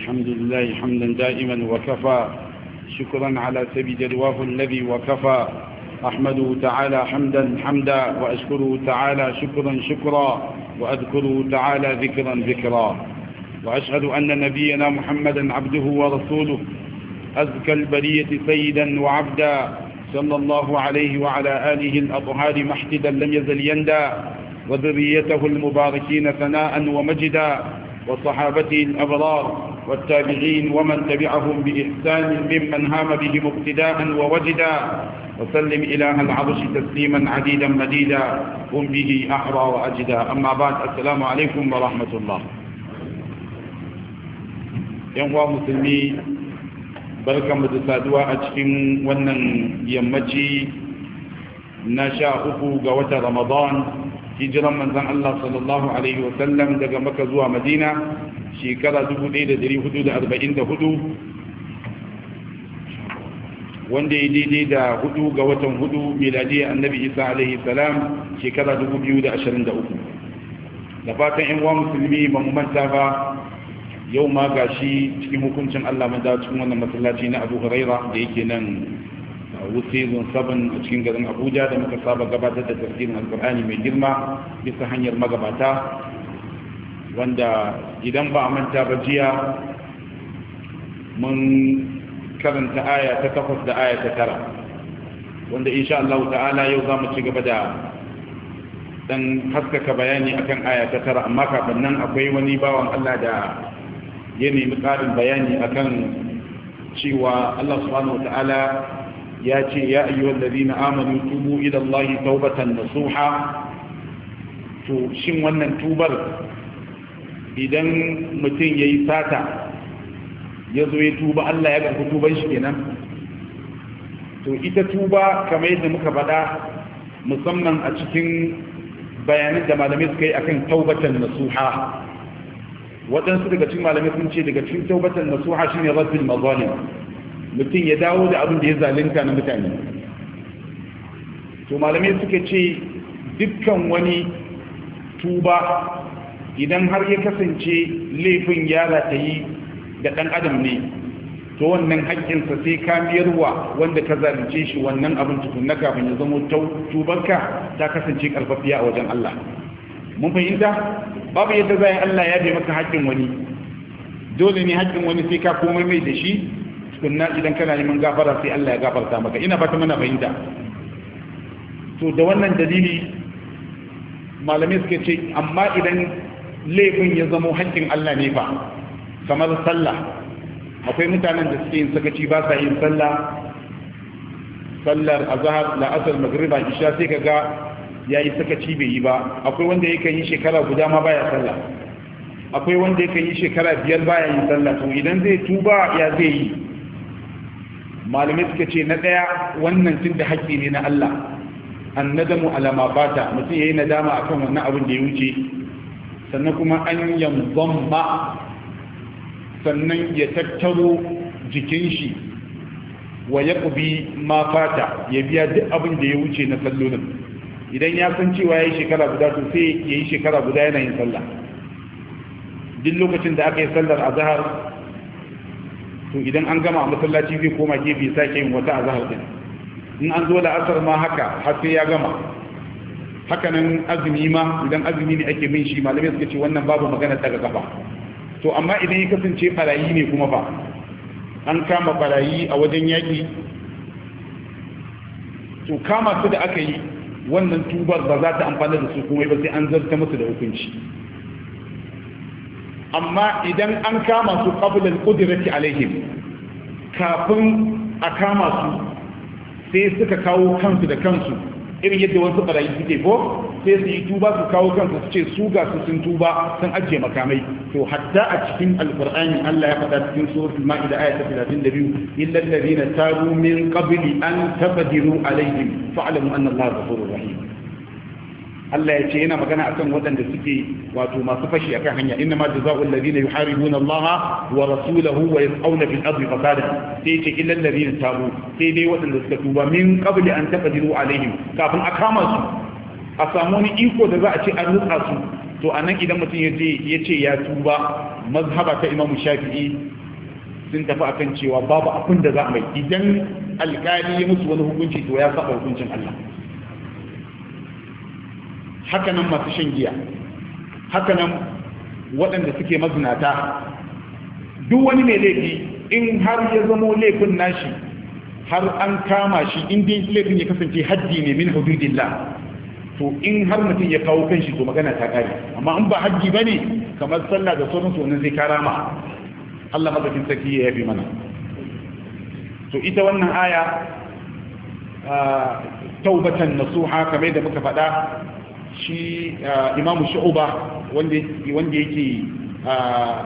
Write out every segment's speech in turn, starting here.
الحمد لله حمدا دائما وكفى شكرا على سبيل الواف الذي وكفى أحمده تعالى حمدا حمدا وأشكره تعالى شكرا شكرا وأذكره تعالى ذكرا ذكرا وأشهد أن نبينا محمدا عبده ورسوله أزكى البرية سيدا وعبدا صلى الله عليه وعلى آله الأطهار محتدا لم يزل يندى وذريته المباركين ثناء ومجدا وصحابته الأبرار والتابعين ومن تبعهم بإحسان ممن هام بهم اقتداء ووجدا وسلم إله العرش تسليما عديدا مديدا قم به أعرى وأجدا أما بعد السلام عليكم ورحمة الله ينوى مسلمي barkan mu da saduwa a cikin wannan yammaci na sha uku ga watan ramadan hijiran manzan Allah sallallahu alaihi wasallam daga maka zuwa madina shekara 1444 wanda ya daidai da hudu ga watan hudu miladiyya annabi isa alaihi salam shekara 2023 da fatan yan uwa musulmi ba mu manta ba yau ma gashi cikin hukuncin Allah mai da cikin wannan masallaci na Abu Huraira da yake nan season 7 a cikin garin Abuja da muka saba gabatar da tafsirin Alkur'ani mai girma bisa hanyar magabata wanda idan ba a manta ba jiya mun karanta aya ta takwas da aya ta tara wanda insha Allah ta'ala yau za mu ci gaba da dan haskaka bayani akan aya ta tara amma kafin nan akwai wani bawan Allah da ya nemi ƙarin bayani akan cewa Allah subhanahu ta'ala ya ce ya ayyuhal ladina amanu tubu ila Allah tawbatan nasuha to shin wannan tubar idan mutum ya yi sata ya zo ya tuba Allah ya karfi tuban shi kenan to ita tuba kamar yadda muka faɗa musamman a cikin bayanin da malamai suka yi akan taubatan nasuha waɗansu daga cikin malamai sun ce daga cikin taubatan nasuha shi ne rabbin mazalim mutum ya dawo da abin da ya zalunta na mutane to malamai suka ce dukkan wani tuba idan har ya kasance laifin ya yi da ɗan adam ne to wannan haƙƙinsa sai ka miyarwa wanda ka zalunce shi wannan abin na kafin ya zama tubanka ta kasance karfafiya a wajen Allah mun fahimta babu yadda za yi Allah ya bai maka haƙƙin wani dole ne haƙƙin wani sai ka komai mai da shi tukunna idan kana neman gafara sai Allah ya gafarta maka ina fata mana fahimta to da wannan dalili malamai suka ce amma idan laifin ya zamo haƙƙin Allah ne ba kamar sallah akwai mutanen da suke yin sakaci ba sa yin sallah sallar azhar la'asar magriba isha sai kaga yayi sakaci bai yi ba akwai wanda kan yi shekara guda ma baya sallah akwai wanda kan yi shekara biyar baya yin sallah to idan zai tuba ya zai yi malamai suka ce na ɗaya wannan tun da haƙƙi ne na Allah annadamu alama bata mutum yayi nadama akan wannan abin da ya wuce sannan kuma an yanzan ba sannan ya tattaro jikin shi wa ya ƙubi ma fata ya biya duk abin da ya wuce na sallolin idan ya san cewa ya yi shekara guda to ya yi shekara guda yana yin sallah duk lokacin da aka yi sallar azahar to idan an gama masallaci zai koma gefe sake yin wata azahar din in an zo da asar ma haka har sai ya gama hakanan azumi ma idan azumi ne ake min shi malamai suka ce wannan babu magana daga kafa to amma idan ya kasance barayi ne kuma ba an kama barayi a wajen yaƙi to kama su da aka yi wannan tubar ba za ta amfana da su kuma ba sai an zarta musu da hukunci amma idan an kama su qablal kudirati alaihim kafin a kama su sai suka kawo kansu da kansu irin yadda wasu barayi suke ko sai su yi tuba su kawo kansu su ce su ga su sun tuba sun ajiye makamai to hatta a cikin alkur'ani Allah ya faɗa cikin suratul maida aya ta 32 illal ladina tabu min qabli an taqdiru alaihim fa'lamu anna Allah ghafurur rahim Allah ya ce yana magana akan waɗanda suke wato masu fashi akan hanya inna ma jazaa'u alladhina yuharibuna Allah wa rasulahu wa yas'awna fil ardi fasada sai ce illa alladhina tabu sai dai waɗanda suka tuba min qabli an taqdiru alaihim kafin a kama su a samu wani iko da za a ce an nutsa su to anan idan mutum ya je ya ce ya tuba mazhaba ta Imam Shafi'i sun tafi akan cewa babu abin da za a mai idan alkali ya musu wani hukunci to ya saba hukuncin Allah Hakanan masu shan giya hakanan waɗanda suke mazinata duk wani mai laifi in har ya zamo laifin nashi har an kama shi in dai laifin ya kasance haddi ne min hududillah to in har mutum ya kawo kanshi to magana ta kare amma in ba haddi ne kamar sallah da sauran sunan zai karama Allah mabakin sarki ya yabi mana to ita wannan aya ah, taubatan nasuha kamar da muka faɗa shi imamu shu'uba wanda yake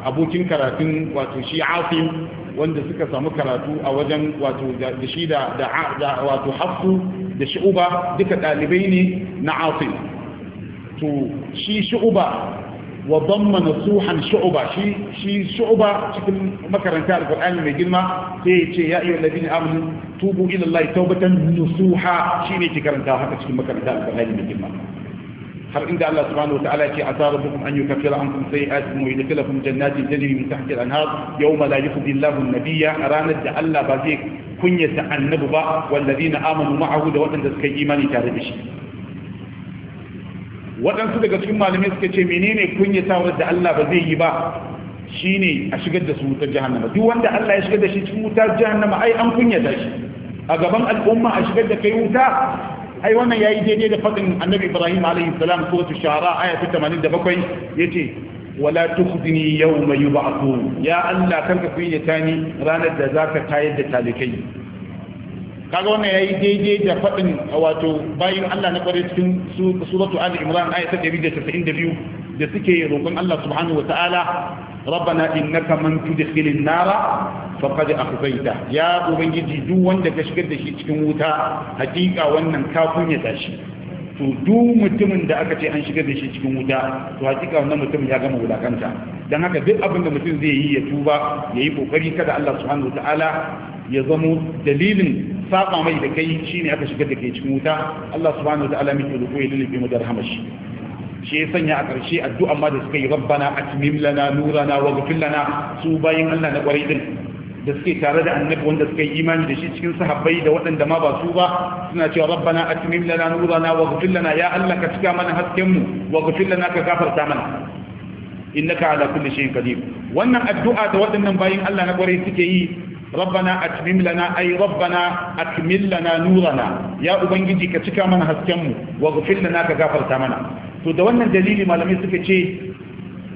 abokin karatun wato shi afin wanda suka samu karatu a wajen wato da shi da wato hafsu da shu'uba duka ɗalibai ne na afin to shi shu'uba wa damma nasuhan shu'uba shi shi shu'uba cikin makaranta alqur'ani mai girma sai ya ce ya ayyuhal ladina amanu tubu ila allahi tawbatan shi ne ke karanta haka cikin makaranta alqur'ani mai girma har inda Allah subhanahu wataala ce asara bukum an yukaffira ankum sayi'atikum wa yudkhilakum jannatin tajri min tahtiha al-anhar yawma la yukhzi Allahu an-nabiyya ranar da Allah ba zai kunya ta annabi ba wallazina amanu ma'ahu da waɗanda suka yi imani tare da shi waɗansu daga cikin malamai suka ce menene kunya kunyatawar da Allah ba zai yi ba shine a shigar da su wutar jahannama duk wanda Allah ya shigar da shi cikin wutar jahannama ai an kunya kunyata shi a gaban al'umma a shigar da kai wuta ai wannan yayi daidai da fadin annabi ibrahim alaihi salam suratul a aya ta 87 yace wala tukhzini yawma yub'athun ya allah kanka kuyi tani ranar da zaka tayar da talikai kaga wannan yayi daidai da fadin wato bayin Allah na kware cikin suratu Ali Imran aya 192 da suke roƙon Allah subhanahu wataala rabbana innaka man tudkhilin nara faqad akhzaita ya ubangiji duk wanda ka shigar da shi cikin wuta hakika wannan ka kunya tashi to duk mutumin da aka ce an shigar da shi cikin wuta to hakika wannan mutum ya gama wulakanta dan haka duk abin da mutum zai yi ya tuba yayi kokari kada Allah subhanahu wataala ya zamo dalilin saba mai da kai shi ne aka shigar da kai cikin wuta Allah subhanahu wataala muke roƙo ya lulluɓe mu da rahamar shi shi ya sanya a ƙarshe addu'a ma da suka yi rabbana atmim lana nurana wa ghfir lana su bayin Allah na ƙwarai din da suke tare da annabi wanda suka yi imani da shi cikin sahabbai da waɗanda ma ba su ba suna cewa rabbana atmim lana nurana wa ghfir lana ya Allah ka cika mana hasken mu wa ghfir lana ka gafarta mana innaka ala kulli shay'in qadir wannan addu'a da waɗannan bayin Allah na ƙwarai suke yi ربنا أتمم لنا أي ربنا أكمل لنا نورنا يا أبنجي كتكا من هسكمو واغفر لنا كغفر تامنا تدوان الدليل ما لم يسكت شيء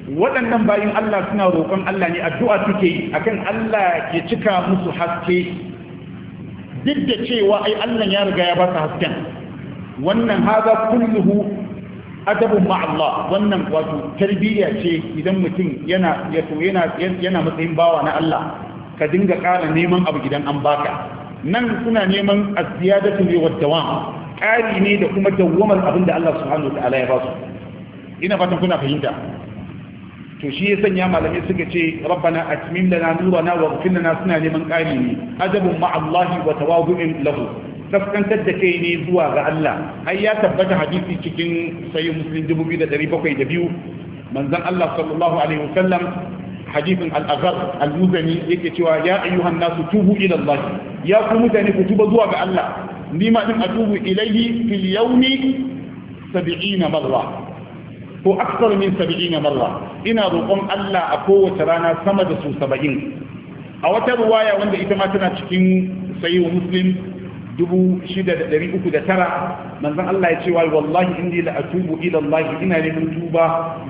waɗannan bayan Allah suna roƙon Allah ne addu'a suke yi akan Allah ke cika musu haske duk da cewa ai Allah ya riga ya ba su hasken wannan haza kulluhu adabun ma Allah wannan wato tarbiyya ce idan mutum yana yana yana matsayin bawa na Allah ka dinga ƙara neman abu idan an baka nan suna neman aziyadatu ne wa dawam ƙari ne da kuma dawwamar abin da Allah subhanahu wataala ya ba su ina fatan kuna fahimta to shi ya sanya malamai suka ce rabbana atmim lana nurana wa ghfir lana suna neman ƙari ne adabun ma Allah wa tawadhu'in lahu kaskantar da kai ne zuwa ga Allah ai ya tabbata hadisi cikin sahih muslim 2702 manzon Allah sallallahu alaihi wasallam hadisin al-azhar al-muzani yake cewa ya ayyuhan nasu tubu ila Allah ya ku mutane ku tuba zuwa ga Allah ni ma din atubu ilayhi fil yawmi 70 marra ko akthar min 70 marra ina roƙon Allah a kowace rana sama da su 70 a wata ruwaya wanda ita ma tana cikin sayyid muslim 6309 manzon Allah ya ce wa wallahi inni la atubu ila Allah ina neman tuba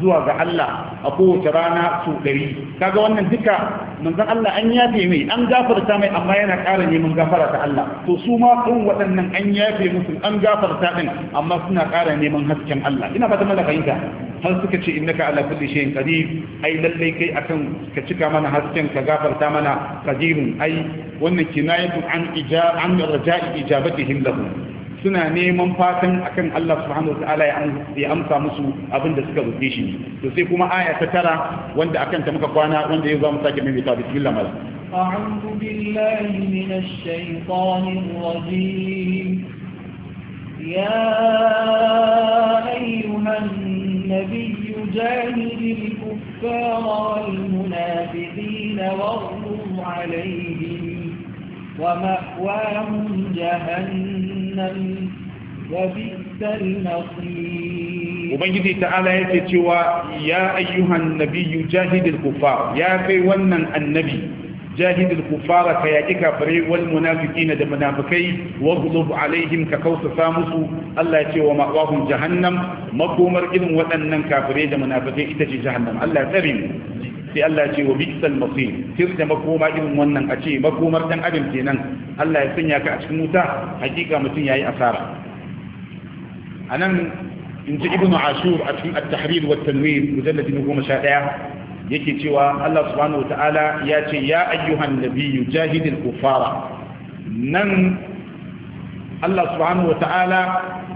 zuwa ga Allah a kowace rana su dari kaga wannan duka manzon Allah an yafe mai an gafarta mai amma yana ƙara neman gafara ta Allah to su ma kun waɗannan an yafe musu an gafarta din amma suna ƙara neman hasken Allah ina fata mana fahimta har suka ce innaka ala kulli shay'in qadir ai lallai kai akan ka cika mana hasken ka gafarta mana qadirun ai wannan kinayatu an ija an raja'i ijabatihim lahu suna neman fatan akan Allah subhanahu wataala ya amsa musu abin da suka rufe shi to sai kuma aya ta tara wanda akan ta muka kwana wanda yau za mu sake mai ta bismillah mala a'udhu أعوذ بالله من الشيطان الرجيم يا أيها النبي جاهد wal والمنافقين واغلظ alayhim ومأواهم جهنم وبئس المصير وبنجي تعالى يتشوى يا أيها النبي جاهد الكفار يا كي ونن النبي جاهد الكفار كياكي كافري والمنافقين دا منافقي واغلب عليهم ككوس سامس الله يتي ومأواهم جهنم مقومر إذن وأنن كافري دا منافقي إتجي جهنم الله تريم sai Allah ya ce wa biksal masir tir makoma irin wannan a ce makomar dan adam kenan Allah ya sanya ka a cikin wuta hakika mutum yayi asara anan in ji ibnu ashur a cikin at-tahrir wa tanwir mujallad goma sha yake cewa Allah subhanahu wataala ya ce ya ayyuhan nabiyyu jahidil kufara nan Allah subhanahu wataala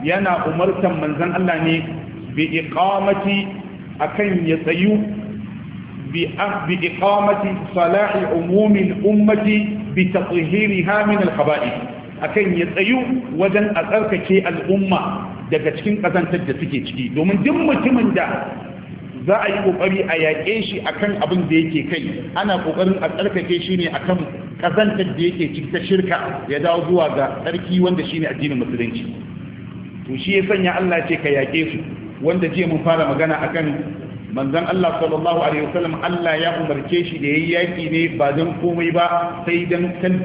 yana umartan manzon Allah ne bi iqamati akan ya tsayu بإقامة صلاح عموم الأمة بتطهيرها من الخبائث akan ya tsayu wajen a tsarkake al'umma daga cikin ƙazantar da suke ciki domin duk mutumin da za a yi ƙoƙari a yaƙe shi akan abin da yake kai ana ƙoƙarin a tsarkake shi ne akan ƙazantar da yake ciki ta shirka ya dawo zuwa ga tsarki wanda shine addinin musulunci to shi ya sanya Allah ce ka yaƙe su wanda jiya mun fara magana akan manzon Allah sallallahu alaihi wasallam Allah ya umarce shi da yayi yaƙi ne ba dan komai ba sai dan kan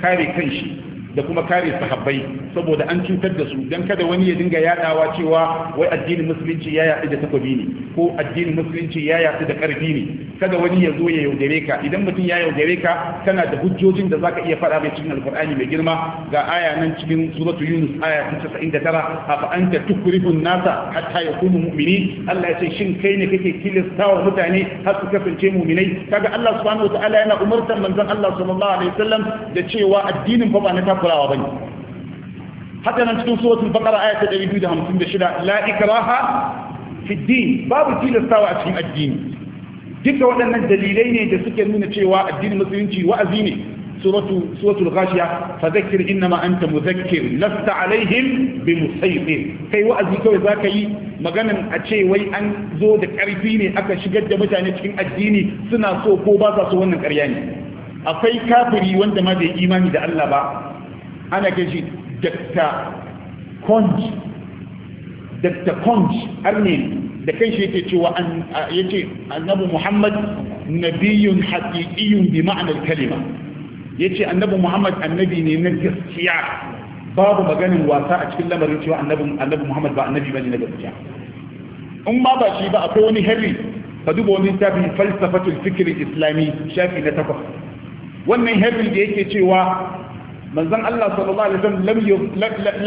kare kan shi. da kuma kare sahabbai saboda an cutar da su dan kada wani ya dinga yadawa cewa wai addinin musulunci ya yaɗu da takobi ne ko addinin musulunci ya yaɗu da ƙarfi ne kada wani ya zo ya yaudare ka idan mutum ya yaudare ka kana da hujjojin da zaka iya faɗa mai cikin alƙur'ani mai girma ga aya nan cikin suratul yunus aya ta 99 afa anta tukrifun nasa hatta yakunu mu'minin Allah ya ce shin kai ne kake kilistawa mutane har su kasance mu'minai kaga Allah subhanahu wataala yana umartar manzon Allah sallallahu alaihi wasallam da cewa addinin fa ba na kulawa bane haka nan cikin suratul baqara aya ta 256 la ikraha fi din babu tilastawa a cikin addini duka waɗannan dalilai ne da suke nuna cewa addinin musulunci wa'azi ne suratu suratul ghashiya fadhakkir innama anta mudhakkir lasta alaihim bimusaytir kai wa'azi kawai zaka yi maganan a ce wai an zo da karfi ne aka shigar da mutane cikin addini suna so ko ba sa so wannan karya ne akwai kafiri wanda ma bai imani da Allah ba ana ke shi dakta konj dakta konj arne da kan shi yake cewa ya ce annabu muhammad na biyun haƙiƙiyun bi ma'anar kalima ya ce annabu muhammad annabi ne na gaskiya babu maganin wasa a cikin lamarin cewa annabu muhammad ba annabi bane na gaskiya in ma ba shi ba akwai wani harry ka duba wani littafin falsafatul fikirin islami shafi na takwas wannan harry da yake cewa من زن الله صلى الله عليه وسلم لم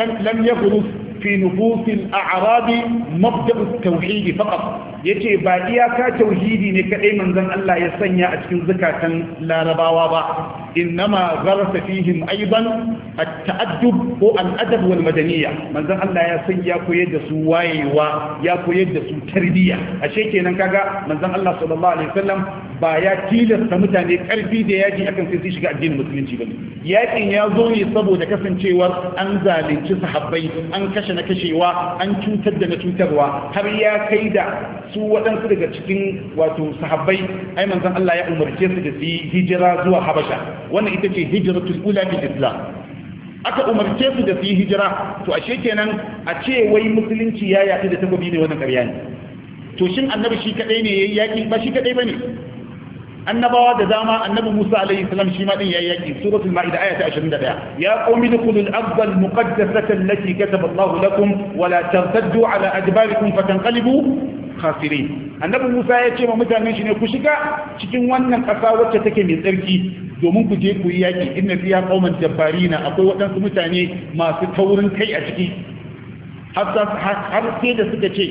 لم لم يغرس fi nufusin mabda'u tauhidi faqat yace ba iyaka tauhidi ne kadai manzon Allah ya sanya a cikin zakatan larabawa ba innama gharasa fihim aidan at-ta'addub ko al-adab wal madaniyya manzon Allah ya sanya koyar da su wayewa ya koyar da su tarbiyya ashe kenan kaga manzan Allah sallallahu alaihi wasallam ba ya tilasta mutane karfi da yaji akan sai su shiga addinin musulunci bane yakin ya zo ne saboda kasancewar an zalunci sahabbai an kashe kashe na kashewa an cutar da na cutarwa har ya kai da su waɗansu daga cikin wato sahabbai ai manzon Allah ya umarce su da su yi hijira zuwa Habasha wannan ita ce hijratul ula bil islam aka umarce su da su yi hijira to ashe kenan a ce wai musulunci ya yaɗu da takobi ne wannan ƙarya ne to shin annabi shi kadai ne yayi yaki ba shi kadai bane annabawa da dama annabi Musa alaihi salam shi ma din yayi yaki suratul maida ayat 21 ya qaumi dukhulul ardal muqaddasata allati kataba Allah lakum wa la tartaddu ala adbarikum fatanqalibu khasirin annabi Musa ya ce ma mutanen shi ne ku shiga cikin wannan ƙasa wacce take mai tsarki domin ku je ku yi yaki inna fiha qauman jabbarina akwai waɗansu mutane masu taurin kai a ciki har sai da suka ce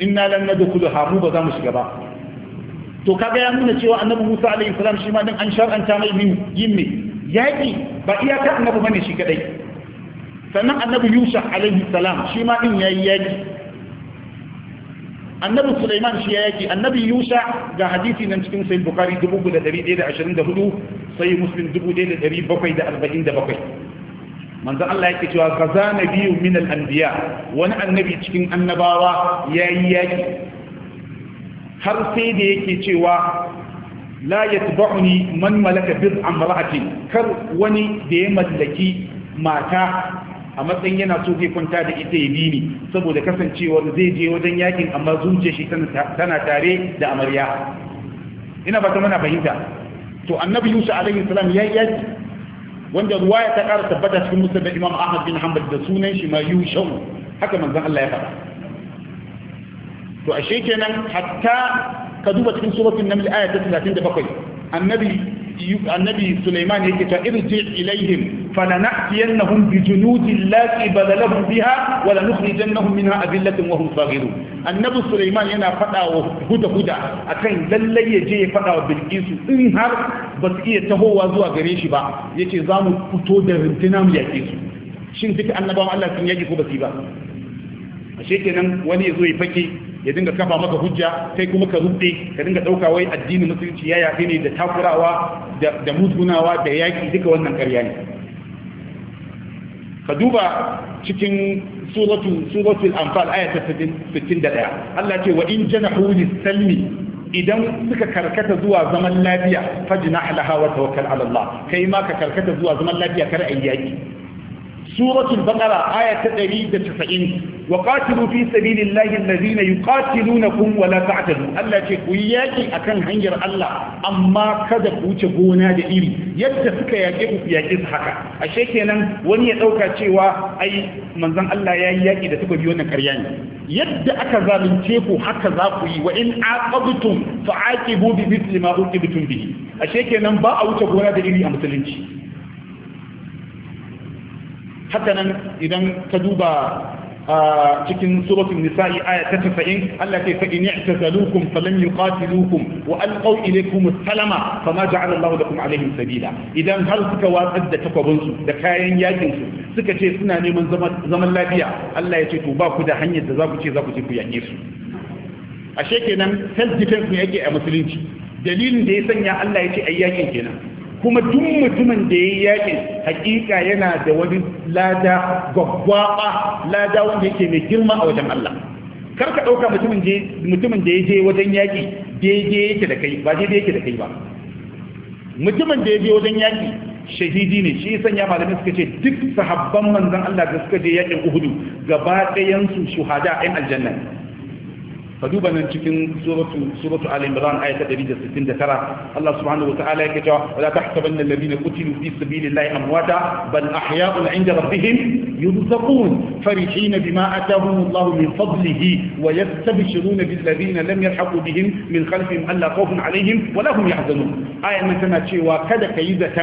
inna lan nadkhuluha mu ba za mu shiga ba to kaga ya nuna cewa annabi Musa alaihi salam shi ma din an shar'anta mai yin me yaki ba iyaka annabi bane shi kadai sannan annabi Yusuf alaihi salam shi ma din yayi yaki annabi Sulaiman shi ya yaki annabi Yusuf ga hadisi nan cikin sahih Bukhari 1124 sai Muslim 1747 manzo Allah yake cewa kaza nabiyyu min al-anbiya wani annabi cikin annabawa yayi yaki har sai da yake cewa la yatba'uni man malaka bid'an kar wani da ya mallaki mata a matsayin yana so zai kwanta da ita ya bi saboda kasancewar zai je wajen yakin amma zuciya shi tana tare da amarya ina ba ta mana fahimta to annabi yusuf alaihi salam ya yi wanda ruwaya ta ƙara tabbata cikin da imam ahmad bin hanbal da sunan shi ma yusuf haka manzon Allah ya faɗa to ashe kenan hatta ka duba cikin suratul naml aya ta 37 annabi annabi Sulaiman yake ta irji ilaihim falanatiyannahum bi junudin la qibala biha wa lanukhrijannahum minha adillatan wa hum saghirun annabi Sulaiman yana fada wa huda huda akan lalle ya je ya fada wa Bilkisu in har ba su iya tahowa zuwa gare shi ba yace za mu fito da rundunar mu yake su shin duka annabawan Allah sun yaji ko ba su ba ashe kenan wani ya zo ya fake ya dinga kafa maka hujja kai kuma ka rubde ka dinga dauka wai addinin musulunci ya yafi ne da takurawa da mutunawa da yaki duka wannan ƙarya ne ka duba cikin suratu suratul anfal ayat 61 Allah ce wa in janahu lis-salmi idan suka karkata zuwa zaman lafiya fajnah laha wa tawakkal ala Allah kai ma ka karkata zuwa zaman lafiya kar ayyaki suratul baqara aya ta 190 wa qatilu fi sabilillahi alladhina yuqatilunakum wa la ta'tadu Allah ce ku yaki akan hanyar Allah amma kada ku wuce gona da iri yadda suka yaki ku yaki su haka ashe kenan wani ya dauka cewa ai manzon Allah ya yi yaki da suka biyo na ƙarya ne yadda aka zalunce ku haka za ku yi wa in aqabtum fa'aqibu bi mithli ma uqibtum bihi ashe kenan ba a wuce gona da iri a musulunci haka nan idan ka duba cikin suratul nisa'i aya ta 90 Allah ke fa in i'tazalukum falam yuqatilukum wa alqaw ilaykum salama fama ja'ala Allah lakum alaihim sabila idan har suka watsar da takwabin su da kayan yakin su suka ce suna neman zaman lafiya Allah ya ce to ba ku da hanyar da za ku ce za ku je ku yake su ashe kenan self defense ne yake a musulunci dalilin da ya sanya Allah ya ce ayyakin kenan kuma duk mutumin da yayi yakin hakika yana da wani lada gwaggwaba lada wanda yake mai girma a wajen Allah kar ka dauka mutumin je mutumin da yaje wajen yaki daidai yake da kai ba daidai yake da kai ba mutumin da yaje wajen yaki shahidi ne shi sanya malamin suka ce duk sahabban manzon Allah da suka je yakin Uhud gaba ɗayan su shuhada ɗin aljanna فدوبا من تكن سورة سورة آل عمران آية تبيجة ستين ذكرها الله سبحانه وتعالى يكتا ولا تحسبن الذين قتلوا في سبيل الله أمواتا بل أحياء عند ربهم يرزقون فرحين بما أتاهم الله من فضله ويستبشرون بالذين لم يلحقوا بهم من خلفهم ألا خوف عليهم ولا هم يحزنون آية من سنة شيء وكذا كيزة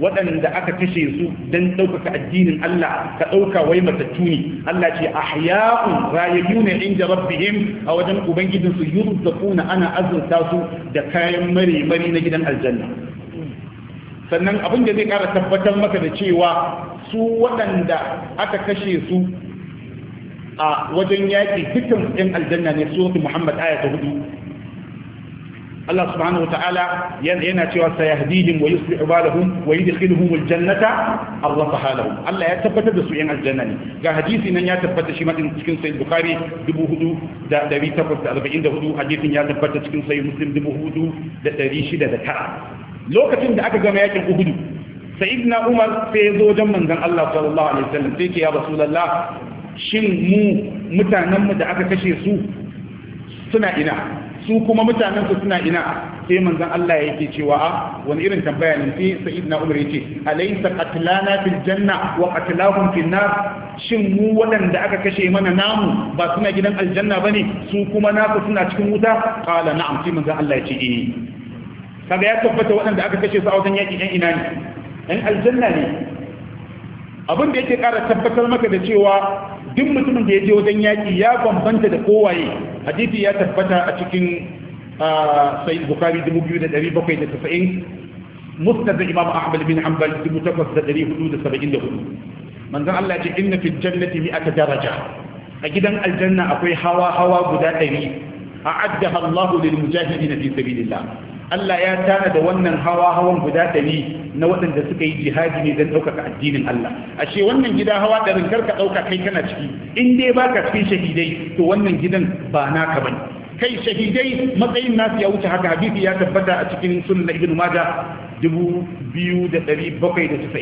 ودن دعك تشي يسوء دن توك كالدين ألا كأوك ويمتتوني ألا شيء أحياء رايبون عند ربهم أو دن wajen ubangijinsu yurzaquna ana azurta su da kayan mari-mari na gidan aljanna sannan abin da zai kara tabbatar maka da cewa su waɗanda aka kashe su a wajen yaƙi dukkan ɗin aljanna ne su muhammad aya ta hudu Allah subhanahu ta'ala yana cewa sayahdihim wa yuslihu balahum wa yudkhiluhum aljannata arrafaha lahum Allah ya tabbatar da su yan aljanna ne ga hadisi nan ya tabbata shi madin cikin sahih bukhari hudu. hadisin ya tabbata cikin sahih muslim tara. lokacin da aka gama yakin uhudu sayyidina umar sai ya zo wajen manzon Allah sallallahu alaihi wasallam sai ke ya rasulullah shin mu mutanenmu da aka kashe su suna ina su kuma mutanen su suna ina sai manzon Allah yake cewa a ah, wani irin tambaya ne sai sayyidina Umar yace alaysa qatlana fil janna wa qatlahum fil nar shin mu waɗanda aka kashe mana namu ba suna gidan aljanna bane su kuma naku suna cikin wuta qala na'am sai manzon Allah yace eh kaga ya tabbata waɗanda aka kashe su a wajen yaki ɗan ina ne ɗan aljanna ne abin da yake ƙara tabbatar maka da cewa duk mutumin da ya je wajen yaƙi ya bambanta da kowaye hadisi ya tabbata a cikin sahih bukhari 2790 da imam ahmad bin hanbal 8474 manzon Allah ya ce inna fil jannati aka daraja a gidan aljanna akwai hawa hawa guda a a'addaha Allahu lil mujahidin fi sabilillah Allah ya tana da wannan hawa hawan guda ɗari na waɗanda suka yi jihadi ne don ɗaukaka addinin Allah ashe wannan gida hawa ɗarin ka ɗauka kai kana ciki in dai baka cikin shahidai to wannan gidan ba naka bane kai shahidai matsayin nasu ya wuce haka hadisi ya tabbata a cikin sunan ibn da 2799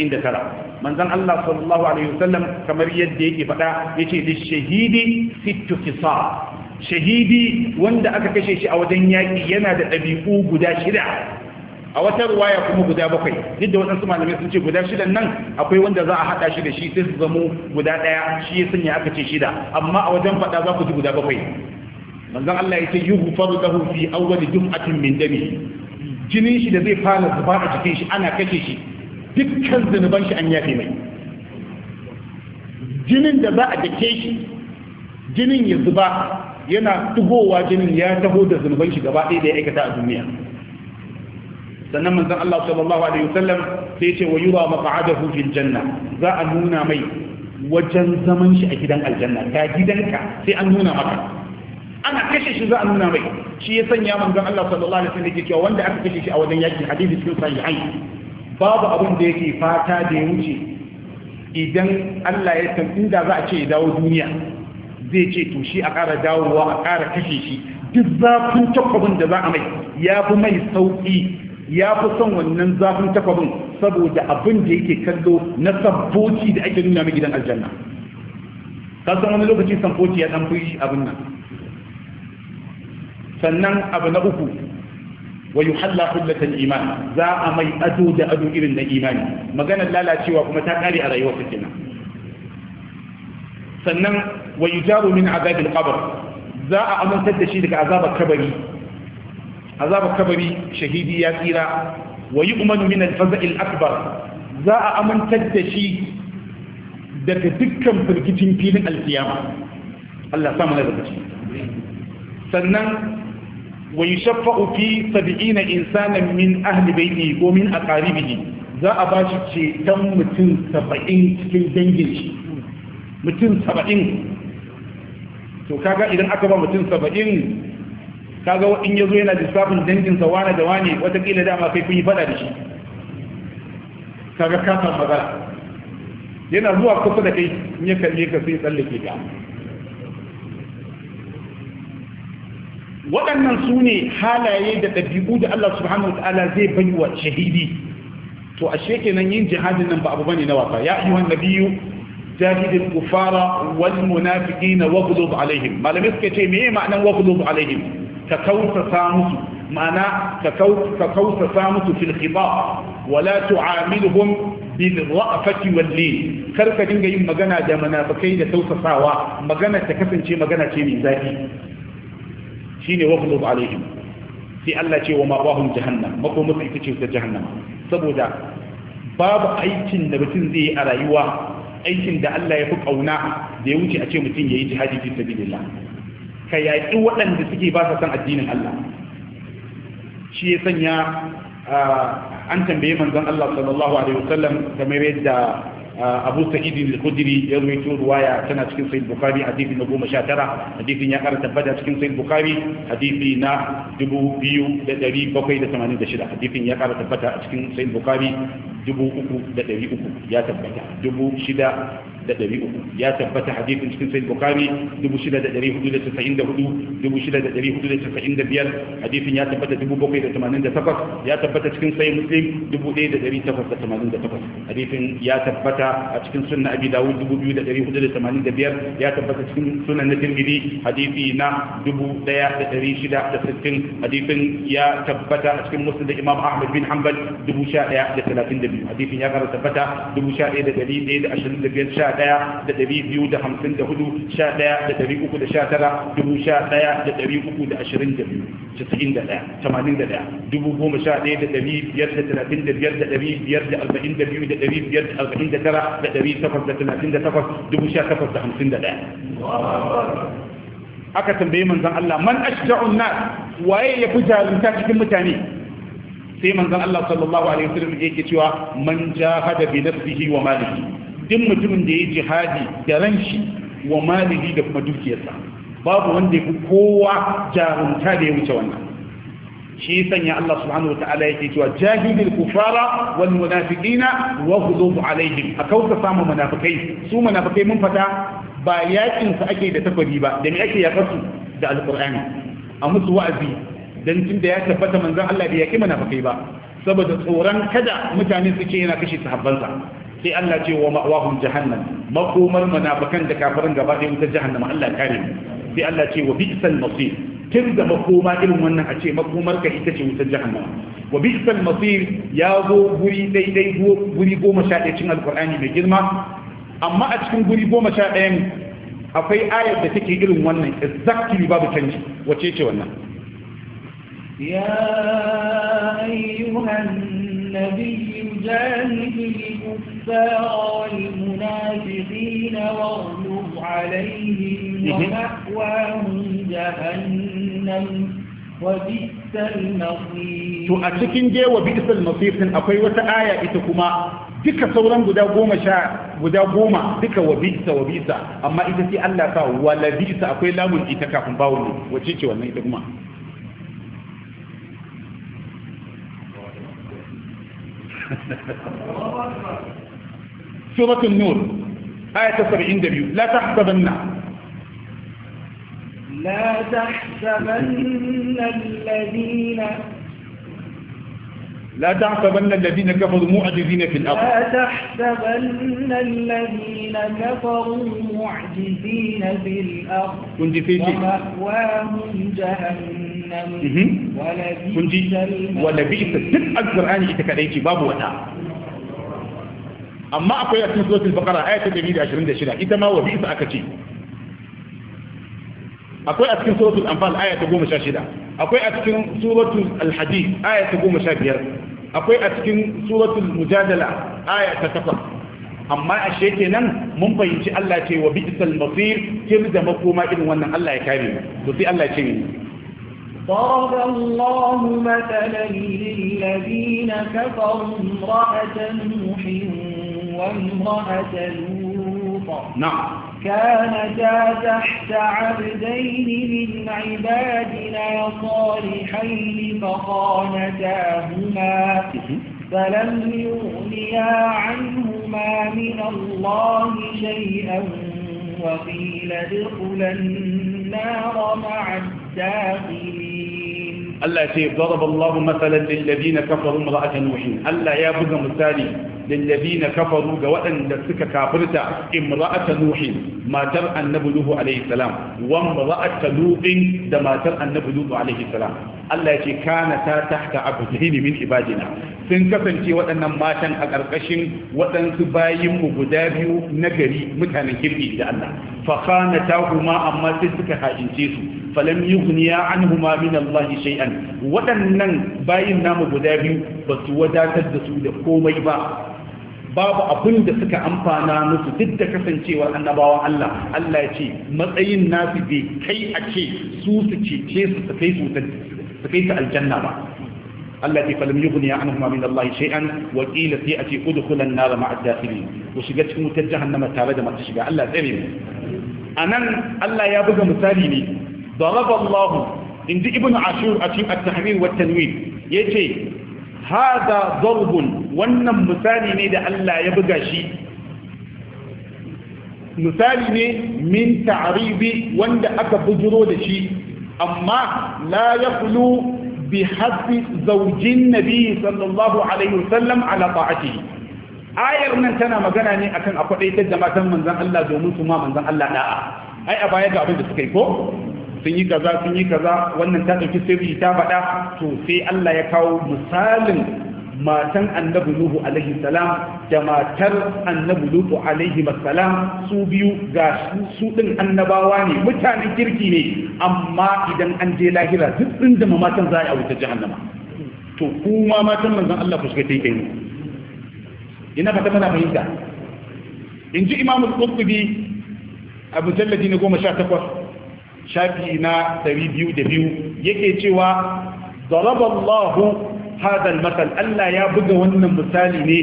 manzon Allah sallallahu alaihi wasallam kamar yadda yake faɗa ya yace shahidi sittu qisar shahidi wanda aka kashe shi a wajen yaƙi yana da ɗabi'u guda shida a wata ruwaya kuma guda bakwai duk da waɗansu malamai sun ce guda shidan nan akwai wanda za a haɗa shi da shi sai su zamo guda ɗaya shi ya sanya aka ce shida amma a wajen faɗa za ku ji guda bakwai manzon Allah ya ce yuhu fardahu fi awwal jum'atin min dami jinin shi da zai fara zuba a cikin shi ana kashe shi dukkan zunuban shi an yafe mai jinin da za a dake shi jinin ya zuba yana tugowa jinin ya taho da zunuban shi gaba ɗaya da ya aikata a duniya sannan manzon Allah sallallahu alaihi wasallam sai ce wa yura maq'adahu fil janna za a nuna mai wajen zaman shi a gidan aljanna ga gidanka sai an nuna maka ana kashe shi za a nuna mai shi ya sanya manzon Allah sallallahu alaihi wasallam yake cewa wanda aka kashe shi a wajen yaki hadisi cikin sahihai babu abin da yake fata da ya wuce idan Allah ya san inda za a ce ya dawo duniya zai ce to shi a ƙara dawowa a ƙara kashe shi duk zafin takwabin da za a mai ya fi mai sauƙi ya fi son wannan zafin takwabin saboda abin da yake kallo na sabboci da ake nuna mai gidan aljanna ka san wani lokaci sabboci ya dan fi abin nan sannan abu na uku wa yi halla kullatan imani za a mai ado da ado irin na imani maganar lalacewa kuma ta kare a rayuwar kenan sannan wa yujaru min azabin qabr za a amintar da shi daga azabar kabari azabar kabari shahidi ya tsira wa umar min al-faza'il akbar za a amintar da shi daga dukkan firgicin filin alkiyama Allah samu na daga sannan wa yushaffa'u fi 70 insanan min ahli baiti ko min aqaribihi za a ba shi ceton mutum saba'in cikin dangin shi mutum saba'in to kaga idan aka ba mutum saba'in kaga in zo yana lissafin danginsa wane da wane watakila dama kai kun yi fada da shi kaga ka san magana yana zuwa kusa da kai in ya kalle ka sai tsallake ka waɗannan su ne halaye da ɗabi'u da Allah subhanahu wata'ala zai bai wa shahidi to ashe kenan yin jihadin nan ba abu bane na wasa ya ayyuhan nabiyyu jahidil kufara wal munafiqina waghlub alaihim malamai suka ce meye ma'anan waghlub alaihim ka kautata musu ma'ana ka kautata musu fil khitab wala tu'amiluhum bilra'afati walli kar ka dinga yin magana da munafikai da tausasawa magana ta kasance magana ce mai zafi shine waqlub alaihim sai Allah ce wa ma bahum jahannam mako ce ta jahannam saboda babu aikin da mutum zai yi a rayuwa aikin da Allah ya fi ƙauna da ya wuce a ce mutum ya yi jihadi fi sabilillah ka yaƙi waɗanda suke ba sa san addinin Allah shi ya sanya ah, an tambaye manzon Allah sallallahu alaihi wasallam kamar yadda abu sa'id al-khudri ya rawaito ruwaya tana cikin sahih bukhari hadisi na 19 hadisin ya kara tabbata cikin sahih bukhari hadisi na 2786 hadisin ya kara tabbata a cikin sahih bukhari 3300 ya tabbata 6000 ya tabbata hadisin cikin sai bukari dubu shida da hudu da da hudu dubu da hudu da da biyar ya tabbata dubu da tamanin da takwas ya tabbata cikin sai muslim dubu ya tabbata a cikin sunna abi dawud dubu biyu da hudu da tamanin da biyar ya tabbata cikin sunan na tirmidhi na dubu ɗaya da shida da sittin ya tabbata a cikin muslim da imam ahmad bin hanbal dubu sha ɗaya da da biyu ya kara tabbata dubu sha ɗaya da ɗaya da ashirin da biyar sha ɗaya da ɗari biyu da hamsin da hudu sha ɗaya da ɗari uku da sha tara dubu sha ɗaya da ɗari uku da ashirin da biyu casa'in da ɗaya tamanin da ɗaya dubu goma sha ɗaya da ɗari biyar da talatin da biyar da ɗari biyar da arba'in da biyu da ɗari biyar da arba'in da tara da ɗari takwas da talatin da takwas dubu sha takwas da hamsin da ɗaya aka tambaye manzon Allah man ashja'un nas waye ya fi jarunta cikin mutane sai manzon Allah sallallahu alaihi wasallam yake cewa man jahada bi nafsihi wa malihi duk mutumin da ya yi jihadi da ran shi wa malihi da kuma dukiyarsa babu wanda ya fi kowa jarumta da ya wuce wannan shi sanya Allah subhanahu wata'ala yake cewa jahilil kufara wal munafiqina wa ghudub alaihim akauta samu munafikai su munafikai mun fata ba yakin su ake da tafari ba da me ake yakar su da alqur'ani a musu wa'azi dan tunda ya tabbata manzon Allah bai yaki munafikai ba saboda tsoron kada mutane su ce yana kashe sahabbansa sai Allah ce wa ma'awahum jahannam makomar munafikan da kafirin gaba ɗaya wutar jahannama Allah kare mu sai Allah ce wa bi'sal masir tun da makoma irin wannan a ce makomar ka ita ce wutar jahannama wa bi'sal masir ya zo guri daidai guri goma sha ɗaya cikin alkur'ani mai girma amma a cikin guri goma sha ɗayan akwai ayar da take irin wannan exactly babu canji wace ce wannan يا أيها النبي جاهد الكفار الكفار والمنافقين واغلب عليهم ومأواهم جهنم وبئس المصير تو أتكين جي وبئس المصير أقوي وتآية إتكما duka sauran guda goma sha guda goma duka wa bisa amma ita ce Allah sa wala bisa akwai lamun ita kafin bawon ne wace ce wannan ita kuma سورة النور آية 70 دبيو لا تحسبن لا تحسبن الذين لا تحسبن الذين كفروا معجزين في الأرض لا تحسبن الذين كفروا معجزين في الأرض كنت في شيء ومأواهم جهنم ولبئس ولبئس القرآن إتكاليتي باب وتعالى amma akwai a cikin suratul baqara aya ta 126 ita ma wa bi'sa aka ce akwai a cikin suratul anfal aya ta 16 akwai a cikin suratul alhadid aya ta 15 akwai a cikin suratul mujadala aya ta 8 amma a sheke nan mun fahimci Allah ce wa bi'sal masir kin da makoma irin wannan Allah ya kare mu to sai Allah ce ضرب الله مثلا للذين كفروا امرأة نوح وامرأة لوط نعم كانتا تحت عبدين من عبادنا صالحين فخانتاهما فلم يغنيا عنهما من الله شيئا وقيل ادخلا النار مع الداخلين الا يا ضرب الله مثلا للذين كفروا امرأة نوح الا يا بدر مثالي lillazina kafaru ga waɗanda suka kafirta imra'ata nuhin matar annabi nuhu alaihi salam wa imra'ata lutin da matar annabi lutu alaihi salam Allah ya ce kana ta tahta abdihi min ibadina sun kasance waɗannan matan a ƙarƙashin waɗansu bayin mu guda biyu na gari mutanen kirki da Allah fa kana ta kuma amma sai suka hajince su falam yughniya anhuma min Allah shay'an waɗannan bayin namu guda biyu ba su wadatar da su da komai ba babu abin da suka amfana musu duk da kasancewa annabawan Allah Allah ya ce matsayin nasu bai kai a ce su su cece su su kai su kai ta aljanna ba Allah ce falam ya anhum min Allah shay'an wa qila fi ati udkhul an-nar ma'a ad-dakhilin ku shiga cikin wutar jahannama tare da masu shiga Allah tsare mu anan Allah ya buga misali ne daraba Allah inji ibnu ashur a cikin at-tahmin wa at-tanwin yace hada darbun wannan misali ne da Allah ya buga shi misali ne min ta'ribi wanda aka bujiro da shi amma la yaqulu bi haddi zawjin nabi sallallahu alaihi wasallam ala ta'atihi ayar nan tana magana ne akan akwai da matan manzon Allah domin su ma manzon Allah da'a ai a baya ga abin da suka yi ko sun yi kaza sun yi kaza wannan ta ɗauki sirri ta faɗa to sai Allah ya kawo misalin matan annabi Nuhu alaihi salam da matar annabi Lutu alaihi salam su biyu ga su ɗin annabawa ne mutanen kirki ne amma idan an je lahira duk ɗin da matan za a wuta jahannama to kuma matan manzon Allah ku kai ne. ina fata mana fahimta in ji imamu qurtubi a mujalladi na goma sha takwas shafi na biyu biyu yake cewa daraballahu hadha al Allah ya buga wannan misali ne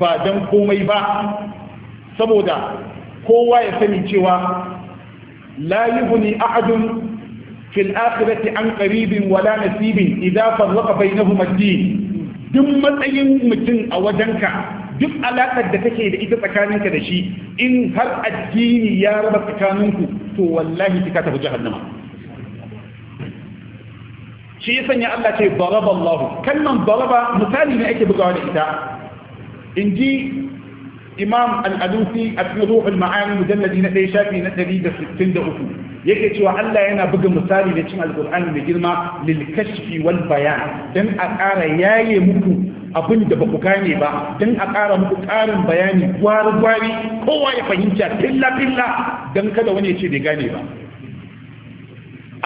ba don komai ba saboda kowa ya sani cewa la yughni ahadun في الآخرة عن قريب ولا نسيب إذا فرق بينهما الدين duk matsayin mutum a wajenka duk alaƙar da take da ita tsakaninka da shi in har addini ya raba tsakaninku to wallahi ki ka tafi jahannama shi ya sanya Allah ce baraba Allah kalman baraba misali ne ake bugawa da ita in imam al-adusi a cikin ruhul ma'ani mujalladi na ɗaya shafi na ɗari da sittin yake cewa Allah yana buga misali da cin alƙur'ani mai girma lil kashfi wal bayan dan a ƙara yaye muku abin da ba ku gane ba don a ƙara muku ƙarin bayani gwari-gwari kowa ya fahimta filla-filla don kada wani ya ce bai gane ba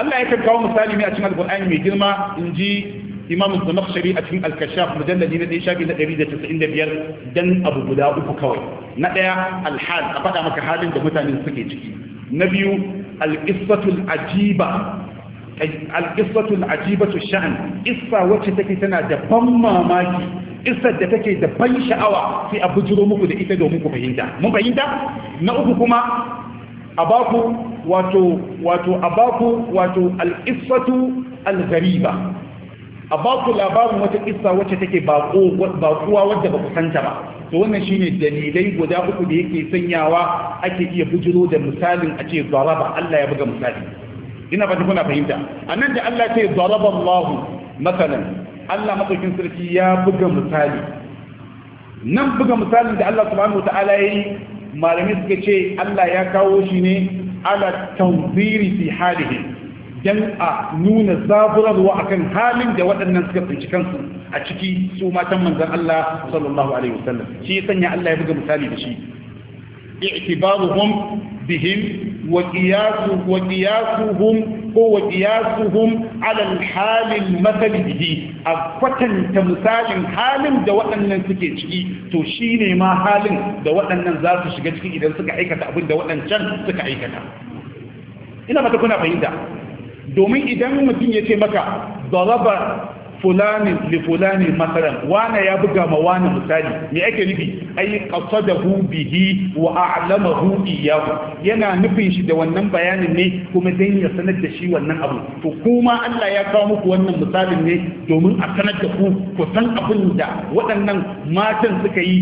Allah ya kan kawo misali ne a cikin alƙur'ani mai girma in ji imamu zamakshari a cikin alkashaf mujallali na ɗaya shafi na ɗari da casa'in da biyar don abu guda uku kawai na ɗaya alhal a faɗa maka halin da mutane suke ciki na biyu alƙissatul ajiba alƙisfatul ajibatu sha'an isa wacce take tana da ban mamaki isar da take da ban sha'awa sai a bujiro muku da ita domin ku fahimta mun fahimta na uku kuma a baku wato wato a baku wato alƙisfatu alghariba a baku labarin wata isa wacce take bako bakuwa wadda ba ku santa ba to wannan shine dalilai guda uku da yake sanyawa ake iya bujiro da misalin a ce ba Allah ya buga misali ina ba kuna fahimta anan da Allah ce daraballahu masalan Allah madaukin sarki ya buga misali nan buga misalin da Allah subhanahu ya yi, malami suka ce Allah ya kawo shi ne ala tanziri fi halihi dan a nuna zaburarwa akan halin da waɗannan suka tsinci kansu a ciki su matan manzon Allah sallallahu alaihi wasallam shi sanya Allah ya buga misali da shi i'tibaruhum bihim وقياسه وقياسهم هو قياسهم على الحال المثل به أفتن تمثال حال دا وأنن سكي تشكي تشيني ما حال دا وأنن ذات شكي تشكي إذا سكي عيكة أبن دا وأنن شن سكي عيكة إلا ما تكون فهيدا domin idan mutum ya ce maka zaraba fulani li fulani masalan wana ya buga ma wani misali me ake nufi ai qasadahu bihi wa a'lamahu iyyahu yana nufin shi da wannan bayanin ne kuma dan ya sanar da shi wannan abu to kuma Allah ya kawo muku wannan misalin ne domin a sanar da ku ku san abin da waɗannan matan suka yi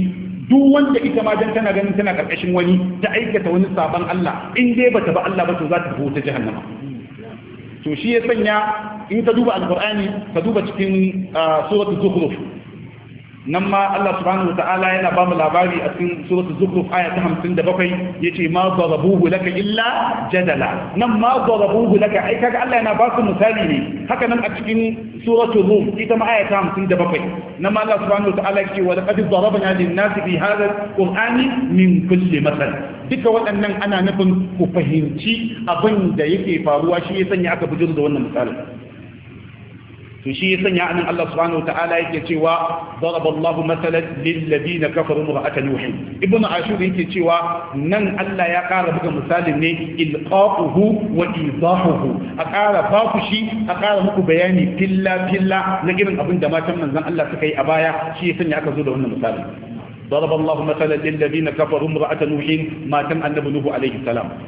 duk wanda ita ma dan tana ganin tana karkashin wani ta aikata wani sabon Allah in dai bata ba Allah ba to za ta fita jahannama to shi ya sanya in ka duba alqur'ani ka duba cikin ah, suratul zukhruf nan ma Allah subhanahu wata'ala yana ba mu labari a cikin suratul zukhruf aya ta 57 yace ma darabuhu laka illa jadala nan ma darabuhu laka ai kaga Allah yana ba su misali ne haka nan a cikin suratul rum ita ma aya ta 57 nan ma Allah subhanahu wata'ala yake wa laqad darabna lin-nasi fi hadha al-qur'ani min kulli masal duka waɗannan ana nufin ku fahimci abin da yake faruwa shi ya sanya aka bujiro da wannan misalin to shi sanya anan Allah subhanahu ta'ala yake cewa daraballahu masalan lil ladina kafaru ra'ata nuh ibnu ashur yake cewa nan Allah ya kara buga misalin ne ilqaquhu wa idahuhu a kara ku shi a kara muku bayani filla filla na irin abin da matan manzon Allah suka yi a baya shi ya sanya aka zo da wannan misalin ضرب الله مثلا للذين كفروا امرأة نوح ما تم النبي نوح عليه salam.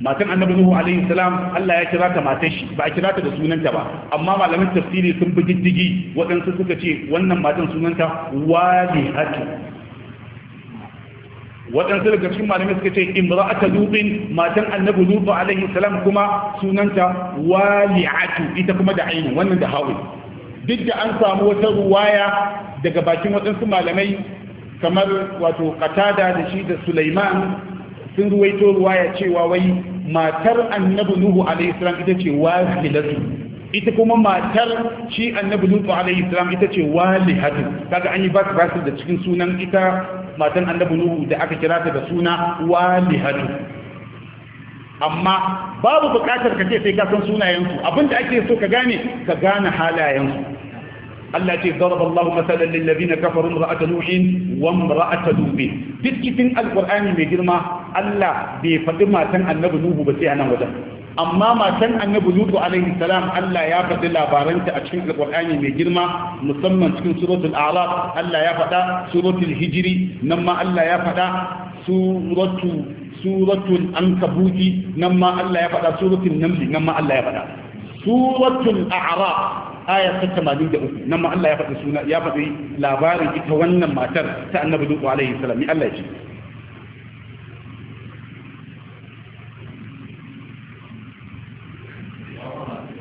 matan annabi nuhu alayhi salam Allah ya kira ta matan shi ba a kira ta da sunanta ba amma malaman tafsiri sun bi diddigi waɗansu suka ce wannan matan sunanta walihatu waɗansu daga cikin malamai suka ce imra'atu lutin matan annabi lutu alayhi salam kuma sunanta wali wali'atu ita kuma da ainihin wannan da hawi duk da an samu wata ruwaya daga bakin waɗansu malamai kamar wato Katada da shi da Suleiman. sun ruwaito ruwaya cewa wai matar annabi nuhu alaihi salam ita ce wahilatu ita kuma matar shi annabi nuhu alaihi salam ita ce walihatu kaga an yi basu da cikin sunan ita matan annabi nuhu da aka kira ta da suna walihatu amma babu bukatar ka ce sai ka san sunayensu abinda ake so ka gane ka gane halayensu Allah ce daraba Allah masalan lil ladina kafaru imra'at nuhin wa imra'at lut duk cikin alqur'ani mai girma Allah bai faɗi matan annabi nuhu ba sai amma matan annabi lutu alaihi salam Allah ya faɗi labaranta a cikin alqur'ani mai girma musamman cikin suratul a'raf Allah ya faɗa suratul hijri nan ma Allah ya faɗa suratul suratul ankabuti nan ma Allah ya faɗa suratul namli nan ma Allah ya faɗa suratul a'raf aya ta 83 nan ma Allah ya faɗi suna ya faɗi labarin ita wannan matar ta annabi Lutu alaihi salam Allah ya ce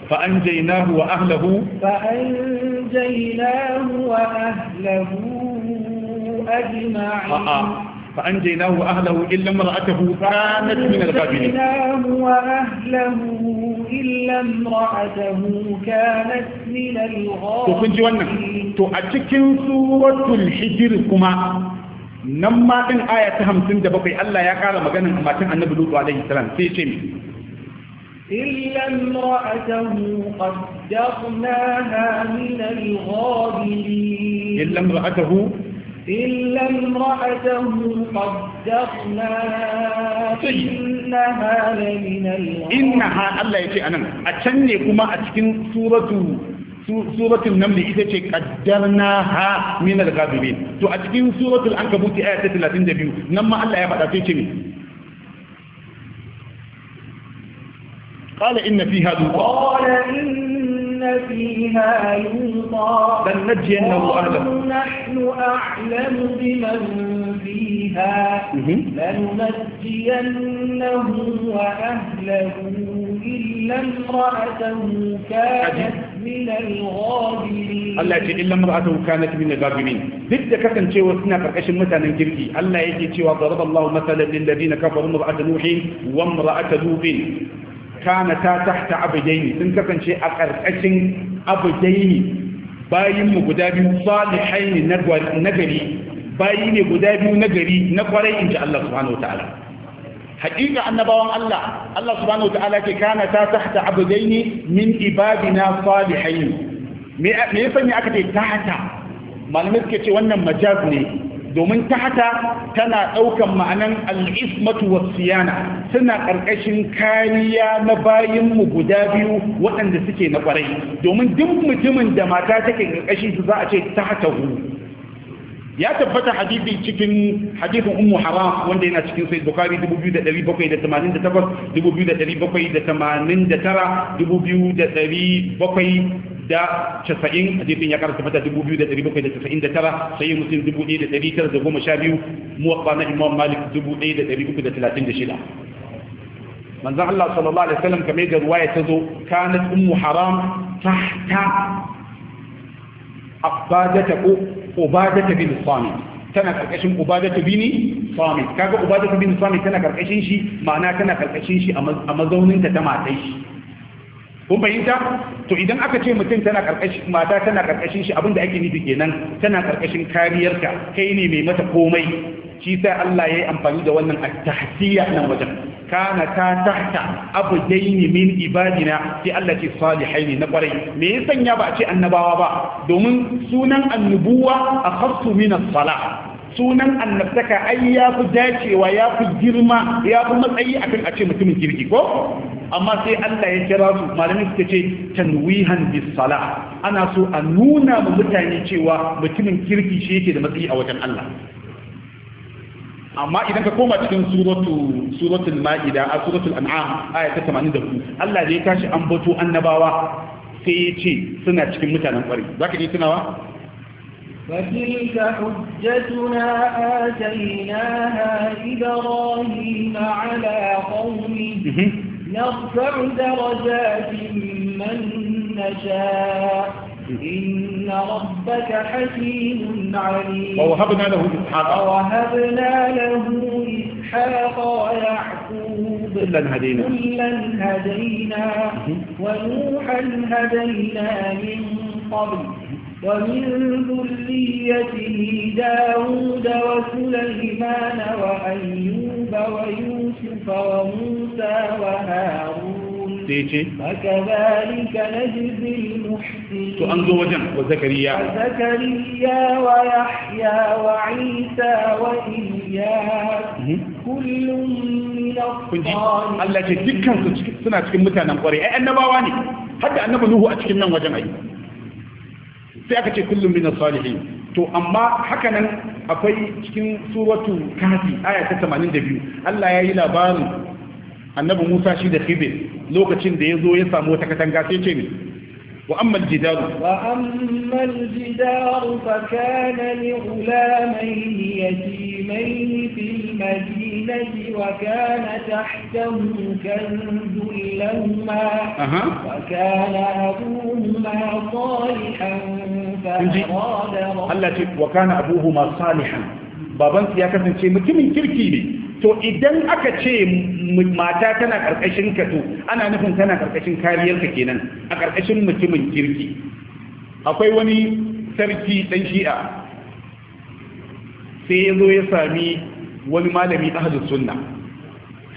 فأنجيناه وأهله فأنجيناه وأهله أجمعين فأنجيناه وأهله إلا امرأته كانت من الغابرين وأهله إلا امرأته كانت من الغابرين وكنت وانا تؤتكن سورة الحجر كما نما إن آية همسين دبقي الله يقال مجانا ما كان النبي لوط عليه السلام في شيء إلا امرأته قدرناها من الغابرين إلا امرأته إلا امرأته قدرنا إنها لمن إنها الله يتي أنا أتني كما أتكن سورة سورة النمل إذا قدرناها من الغابرين تو أتكن سورة الأنكبوت آية 32 نما الله يبقى تيتي قال إن فيها ذو قال إن لنجزين فيها يوطا لنجزينه أهله نحن أعلم بمن فيها لننجينه وأهله إلا امرأته كانت من الغابرين الله يجي إلا امرأته كانت من الغابرين بدك كفن شيء وسنا فرقش مثلا كيركي الله يجي شيء وضرب الله مثلا للذين كفروا امرأة نوح وامرأة لوط kana ta tahta abdaini sun kasance a ƙarƙashin abdaini bayin mu guda biyu salihaini na gari bayi ne guda biyu na gari na kwarai inji Allah subhanahu wataala haƙiƙa annabawan Allah Allah subhanahu wataala ke kana ta tahta abdaini min ibadina salihaini me me yasa ne aka ce tahta malamai suke ce wannan majaz ne domin tahta tana ɗaukan ma'anan al'ismatu wa siyana suna ƙarƙashin kariya na bayanmu guda biyu waɗanda suke na ƙwarai domin duk mutumin da mata take ƙarƙashi su za a ce tahtahu ya tabbata hadisi cikin hadisin ummu haram wanda yana cikin sai bukari 2788 2789 2700 da casa'in hadisin ya karanta mata dubu biyu da ɗari bakwai da casa'in da tara sai muslim dubu ɗaya da ɗari tara da goma sha biyu na imam malik dubu ɗaya da ɗari uku da talatin da shida manzan allah sallallahu alaihi wasallam kamar da ruwaya ta zo kanat ummu haram abadata ko ubadata bin sami tana karkashin sami kaga ubadatu bini sami tana karkashin shi ma'ana tana karkashin shi a mazauninta ta matai shi kun fahimta to idan aka ce mutum tana karkashin mata tana karkashin shi abinda ake nufi kenan tana karkashin kariyarka kai ne mai mata komai shi sai Allah ya yi amfani da wannan at-tahsiya nan wajen kana ta tahta abdaini min ibadina sai Allah ce salihaini na kwarai me ya sanya ba a ce annabawa ba domin sunan annubuwa akhassu min as-salah sunan annabtaka ai ya fi dacewa ya fi girma ya fi matsayi akan a ce mutumin kirki ko amma sai Allah ya kira su malamin suka ce tanwihan bis sala ana so a nuna ma mutane cewa mutumin kirki shi yake da matsayi a wajen Allah amma idan ka koma cikin suratu suratul ma'ida a suratul an'am aya ta 84 Allah da ya tashi ambato annabawa sai ya ce suna cikin mutanen kwari zaka iya tunawa فتلك حجتنا آتيناها إبراهيم على قومه نرفع درجات من نشاء إن ربك حكيم عليم ووهبنا له إسحاق ووهبنا له إسحاق ويعقوب كلا هدينا كلا هدينا ونوحا هدينا من قبل ومن ذريته داود وسليمان وأيوب ويوسف وموسى وهارون وكذلك نجزي المحسنين وزكريا وزكريا ويحيى وعيسى وإياس كل من الصالحين الله يجزيك كنت سنة كم متى نقري أي أنبا واني حتى أنبا نوه أتكلم وجمعي sai aka ce kullum min salihin to amma haka nan akwai cikin suratu kafi aya ta biyu. Allah ya yi labarin annabi Musa shi da Khidir lokacin da ya zo ya samu wata katanga sai ce ne وأما الجدار وأما الجدار فكان لغلامين يتيمين في المدينة وكان تحته كنز لهما أه. وكان أبوهما صالحا فأراد وكان أبوهما صالحا بابا يا kasance mutumin kirki ne to idan aka ce mata tana karkashin ka to ana nufin tana karkashin kariyar ka kenan a karkashin mutumin kirki akwai wani sarki dan shi'a sai ya zo ya sami wani malami ahlus sunna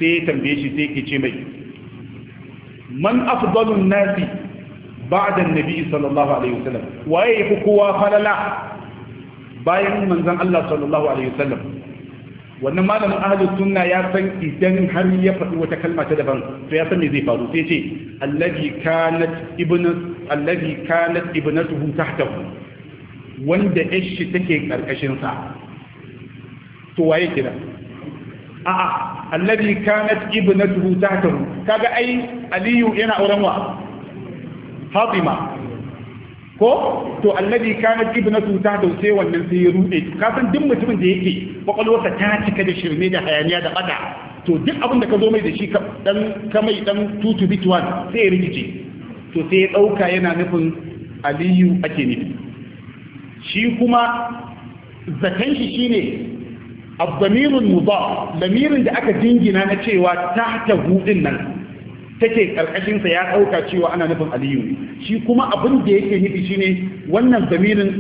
sai ya tambaye shi sai ke ce mai man afdalun nasi ba'da annabi sallallahu alaihi wasallam waye yafi kowa falala bayan manzon Allah sallallahu alaihi wasallam wannan malamin ahlus sunna ya san idan har ya faɗi wata kalma ta daban to ya san me zai faru sai ce allazi kanat ibnu allazi kanat ibnatuhu tahtahu wanda ishi take karkashin sa to waye kira a'a allazi kanat ibnatuhu tahtahu kaga ai aliyu yana auren wa fatima ko to annabi kana tuta ta sai wannan sai ya rude ka san duk mutumin da yake kwakwalwarsa ta cika da shirme da hayaniya da bada to duk abin da ka zo mai da shi dan ka mai dan tutu bitwan sai ya rikice to sai ya dauka yana nufin aliyu ake nufi shi kuma zakan shi shine abdamirun mudaf lamirin da aka dingina na cewa ta ta hudin nan take karkashinsa ya ɗauka cewa ana nufin aliyu shi kuma abin da yake nufi shine wannan zamirin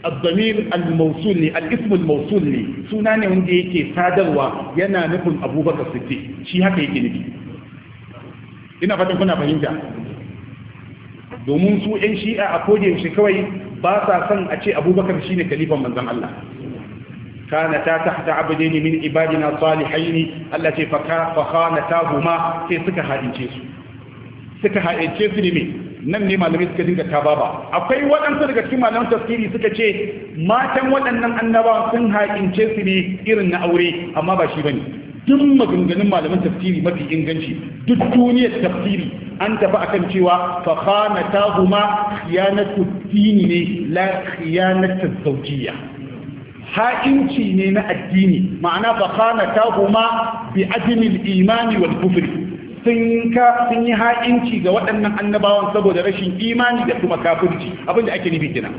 الضمير al لي الاسم ne, suna ne wanda yake sadarwa yana nufin abubakar siddiq shi haka yake nufi ina fatan kuna fahimta domin su yan shi'a a koda yaushe kawai ba sa son a ce abubakar shine kalifan manzon Allah كانتا تحت عبدين من عبادنا الصالحين التي فخانتاهما في سكها إنجيسو سكها إنجيسو لمن nan ne malamai suka dinga tababa akwai waɗansu daga cikin malaman tafsiri suka ce matan waɗannan annabawan sun haƙince su ne irin na aure amma ba shi bane duk maganganun malaman tafsiri mafi inganci duk duniya tafsiri an tafi akan cewa fa khanatahuma khiyanatu dini ne la khiyanatu zawjiyya ha'inci ne na addini ma'ana fa khana ta huma bi ajmil imani wal kufri sun ka sun yi ha'inci ga waɗannan annabawan saboda rashin imani da kuma kafirci abinda ake nufi kenan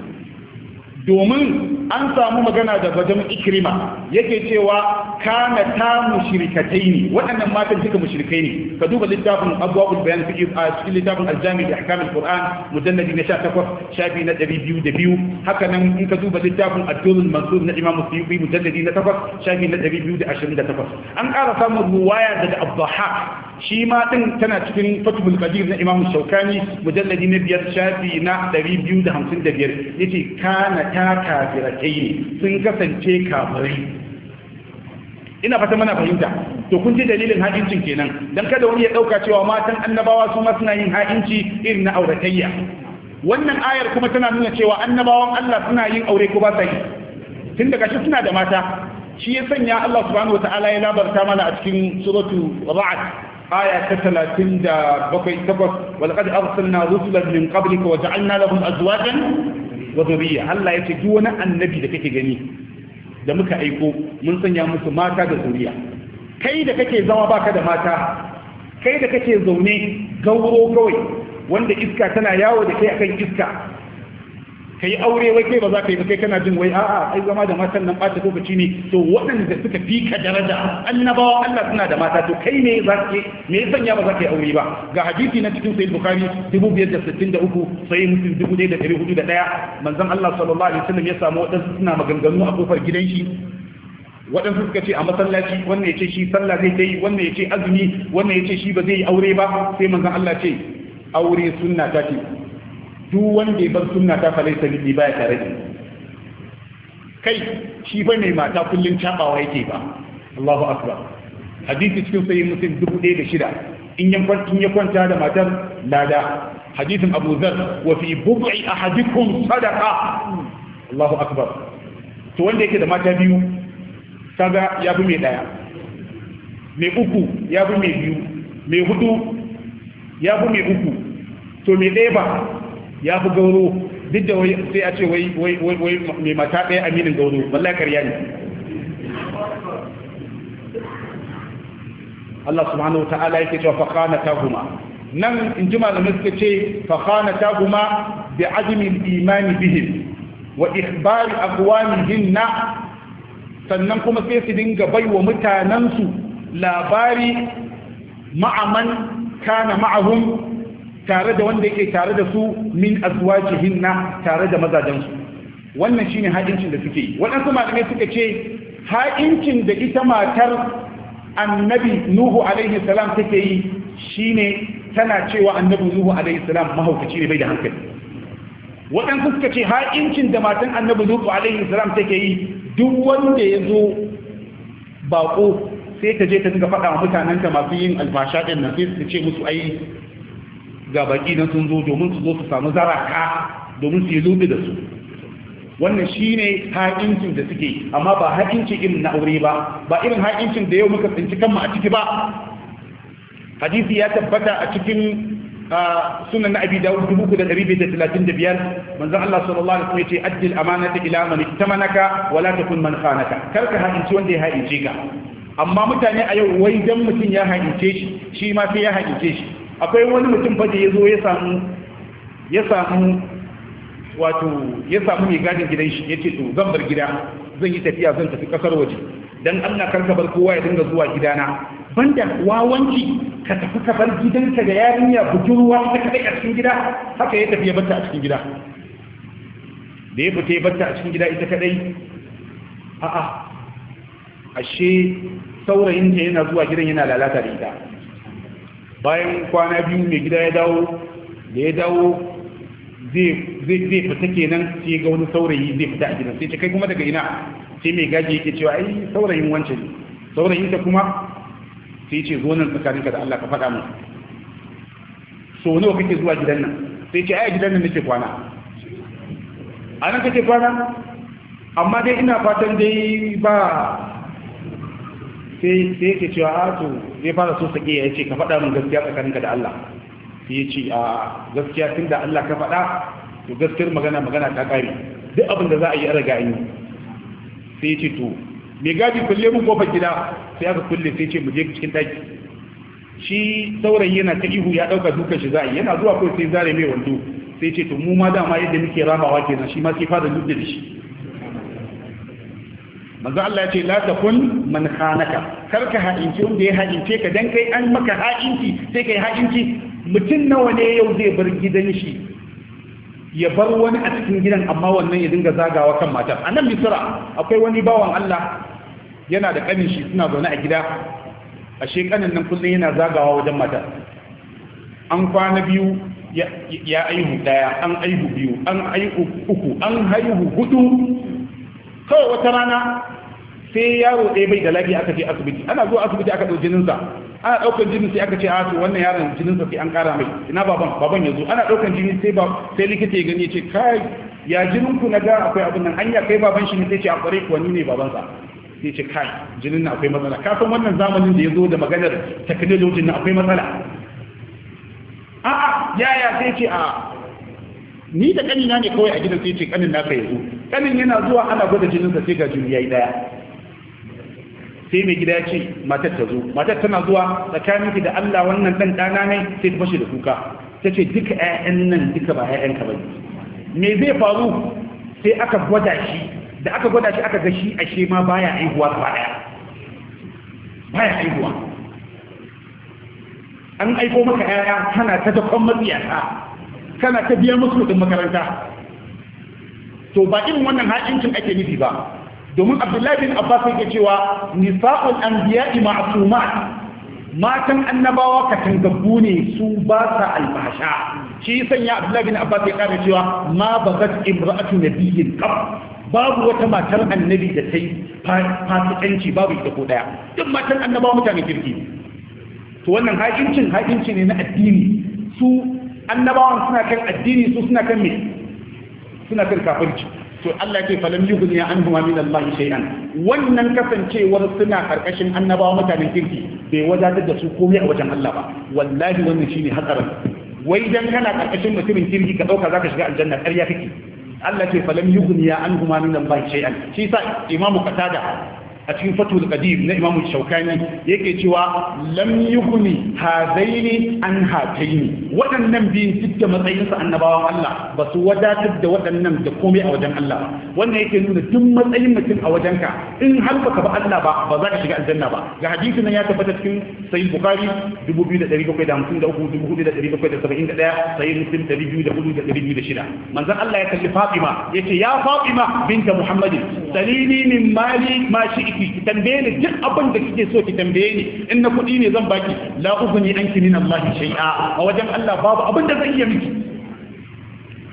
domin an samu magana da wajen ikrima yake cewa kana ta mushrikatai ne waɗannan matan duka mushrikai ne ka duba littafin abubuwan bayan fi a cikin littafin aljami da ahkamul qur'an mujalladi na 18 shafi na 202 haka nan in ka duba littafin ad-durrul mansur na imam suyubi mujalladi na 8 shafi na 228 an ƙara samun ruwaya daga abdahak shi ma din tana cikin fatul qadir na imam shaukani mujalladi na biyar shafi na 255 yace kana ta kafiratai sun kasance kafirai ina fata mana fahimta to kun ji dalilin ha'incin kenan dan kada wani ya ɗauka cewa matan annabawa su ma suna yin ha'inci irin na auratayya wannan ayar kuma tana nuna cewa annabawan Allah suna yin aure ko ba sa yi tun daga shi suna da mata shi ya sanya Allah subhanahu wataala ya labarta mana a cikin suratu ra'ad aya ta talatin da bakwai takwas walƙad arsalna rusulan min qablika wa ja'alna lahum azwajan wa dhurriyya Allah ya ce duk wani annabi da kake gani da muka aiko mun sanya musu mata da zuriya kai da kake zama baka da mata kai da kake zaune gauro kawai wanda iska tana yawo da kai akan iska ka yi aure wai kai ba za ka yi ba kai kana jin wai a'a ai zama da matan nan ɓata lokaci ne to waɗanda suka fi ka daraja annabawa Allah suna da mata to kai ne za ka me ya sanya ba za ka yi aure ba ga hadisi na cikin sahih bukhari 2563 sahih muslim 1401 manzon Allah sallallahu alaihi wasallam ya samu waɗansu suna maganganu a kofar gidan shi waɗansu suka ce a masallaci wannan ya ce shi sallah zai ta yi wannan ya ce azumi wannan ya ce shi ba zai yi aure ba sai manzon Allah ce aure sunna ta ce duk wanda ya bar sunna ta fa laysa bi baya tare da kai shi ba ne mata kullun cabawa yake ba Allahu akbar hadisi cikin sahih muslim dubu ɗaya da shida in ya kwanta da matar lada hadisin abu zar wa fi bub'i ahadikum sadaqa Allahu akbar to wanda yake da mata biyu kaga ya fi mai daya mai uku ya fi mai biyu mai hudu ya fi mai uku to mai ɗaya ba ya fi gauro duk da wai sai a ce wai wai wai mai mata ɗaya aminin gauro wallahi ƙarya ne Allah subhanahu ta'ala yake cewa fa khana tahuma nan in ji malamai suka ce fa khana tahuma bi azmi al-iman bihim wa ikhbar aqwamihim sannan kuma sai su dinga baiwa mutanansu labari ma'aman kana ma'ahum tare da wanda yake tare da su min azwajihinna tare da mazajensu wannan shine ha'incin da suke yi waɗansu malamai suka ce ha'incin da ita matar annabi nuhu alaihi salam take yi shine tana cewa annabi nuhu alaihi salam mahaukaci ne bai da hankali waɗansu suka ce ha'incin da matan annabi nuhu alaihi salam take yi duk wanda ya zo baƙo sai ta je ta dinga faɗa wa mutanenta masu yin albasha ɗin nan sai su ce musu ai ga baki na sun zo domin su zo su samu zaraka domin su yi lubi da su wannan shine haƙincin da suke amma ba haƙinci irin na aure ba ba irin haƙincin da yau muka tsinci kanmu a ciki ba hadisi ya tabbata a cikin sunan na abi dawud dubu kuda ɗari biyu da talatin da biyar manzon Allah sallallahu alaihi wasallam ya ce addil amanata ila man ittamanaka wala takun man khanaka kar ka haƙinci wanda ya haƙince ka amma mutane a yau wai dan mutum ya haƙince shi shi ma sai ya haƙince shi akwai wani mutum fa da ya zo ya samu ya samu wato ya samu mai gadin gidan shi ya ce to zan bar gida zan yi tafiya zan tafi kasar waje dan Allah karka bar kowa ya dinga zuwa gidana banda wawanci ka tafi ka bar gidanka ga yarinya bujurwa, ta kada a cikin gida haka ya tafi ya barta a cikin gida da ya fita ya ta a cikin gida ita kadai a'a ashe saurayin ta yana zuwa gidan yana lalata da ita bayan kwana biyu mai gida ya dawo da ya dawo zai fita kenan sai ga wani saurayi zai fita a gidan sai ta kai kuma daga ina sai mai gaji yake cewa ai saurayin wancan saurayin ta kuma sai ce zo nan tsakaninka da Allah ka faɗa mu so nawa kake zuwa gidan nan sai ce ai gidan nan nake kwana a nan kake kwana amma dai ina fatan dai ba sai sai yake cewa a ah, to zai fara so sake ya ce ka faɗa min gaskiya tsakaninka da Allah sai ya ce a gaskiya tun da Allah ka faɗa to gaskiyar magana magana ta ƙare duk abin da za a yi a riga yi sai ya ce to mai gadi kulle mun kofar gida sai aka kulle sai ce mu je cikin ɗaki shi saurayi yana ta ihu ya ɗauka dukan shi za a yi yana zuwa kawai sai zare mai wando sai ce to mu ma dama yadda muke rabawa kenan shi ma sai fara duk da shi manzo Allah ya ce la kun man khanaka kar ka ha'inci wanda ya ha'ince ka dan kai an maka ha'inci sai kai ha'inci mutum nawa ne yau zai bar gidan shi ya bar wani a cikin gidan amma wannan ya dinga zagawa kan matar a nan misira akwai wani bawan Allah yana da kanin shi suna zaune a gida a shekanin nan kullum yana zagawa wajen matar an kwana biyu ya aihu daya an aihu biyu an aihu uku an haihu hudu kawai wata rana sai yaro ɗaya bai da lafiya aka ce asibiti ana zuwa asibiti aka ɗau jininsa ana ɗaukar jini sai aka ce a ah, to wannan yaron jininsa sai an ƙara mai ina baban baban ya zo ana ɗaukar jini sai ba sai likita ya gani ya ce kai ya jinin ku na ga akwai abin nan anya kai baban shi ne sai ce a ƙware ku wani ne babansa sai ce kai jinin na akwai matsala ka san wannan zamanin da ya zo da maganar technology na akwai matsala a'a yaya sai ce a ah, ni da kanina ne kawai a gidan sai ce kanin naka yanzu kanin yana zuwa ana gwada jininsa sai ga jini yi daya sai mai gida ya ce matar ta zo matar tana zuwa tsakaninki da Allah wannan dan dana ne sai ta fashe da kuka ta ce duka 'ya'yan nan duka ba ƴaƴan ka bane me zai faru sai aka gwada shi da aka gwada shi aka ga shi ashe ma baya aihuwa gaba daya baya aihuwa an aiko maka 'ya'ya tana ta dakon matsiyata kana ta biya musu kuɗin makaranta to ba irin wannan ha'incin ake nufi ba domin abdullahi bin abbas yake cewa nisa'ul anbiya'i ma'sumat matan annabawa katangabbu ne su ba sa albasha shi sanya abdullahi bin abbas ya kara cewa ma bazat imra'atu nabiyyin qab babu wata matar annabi da ta yi fasikanci babu ita ko daya duk matan annabawa mutane kirki to wannan haƙincin haƙinci ne na addini su annabawan suna kan addini su suna kan me suna kan kafirci to Allah ya falam yughni min Allah shay'an wannan kasancewar suna karkashin annabawa mutanen kirki bai wadatar da su komai a wajen Allah ba wallahi wannan shine hatsarin wai dan kana karkashin mutumin kirki ka dauka zaka shiga aljanna ƙarya kake Allah ce falam yughni anhum min Allah shay'an shi sa imamu qatada a cikin fatul qadim na imamu shaukani yake cewa lam yughni hadaini an hataini waɗannan biyun duk da matsayin su annabawan Allah ba su wadatar da waɗannan da komai a wajen Allah wannan yake nuna duk matsayin mutum a wajenka in har baka ba Allah ba ba za ka shiga aljanna ba ga hadisin nan ya tabbata cikin sahih bukhari 2753 2771 sahih muslim 2246 manzon Allah ya kalli Fatima yace ya Fatima binta Muhammadin salini min mali ma shi'ti ki ki tambaye ni duk abin da kike so ki tambaye ni in na kuɗi ne zan baki la ughni anki min Allah shay'a a wajen Allah babu abin da zan iya miki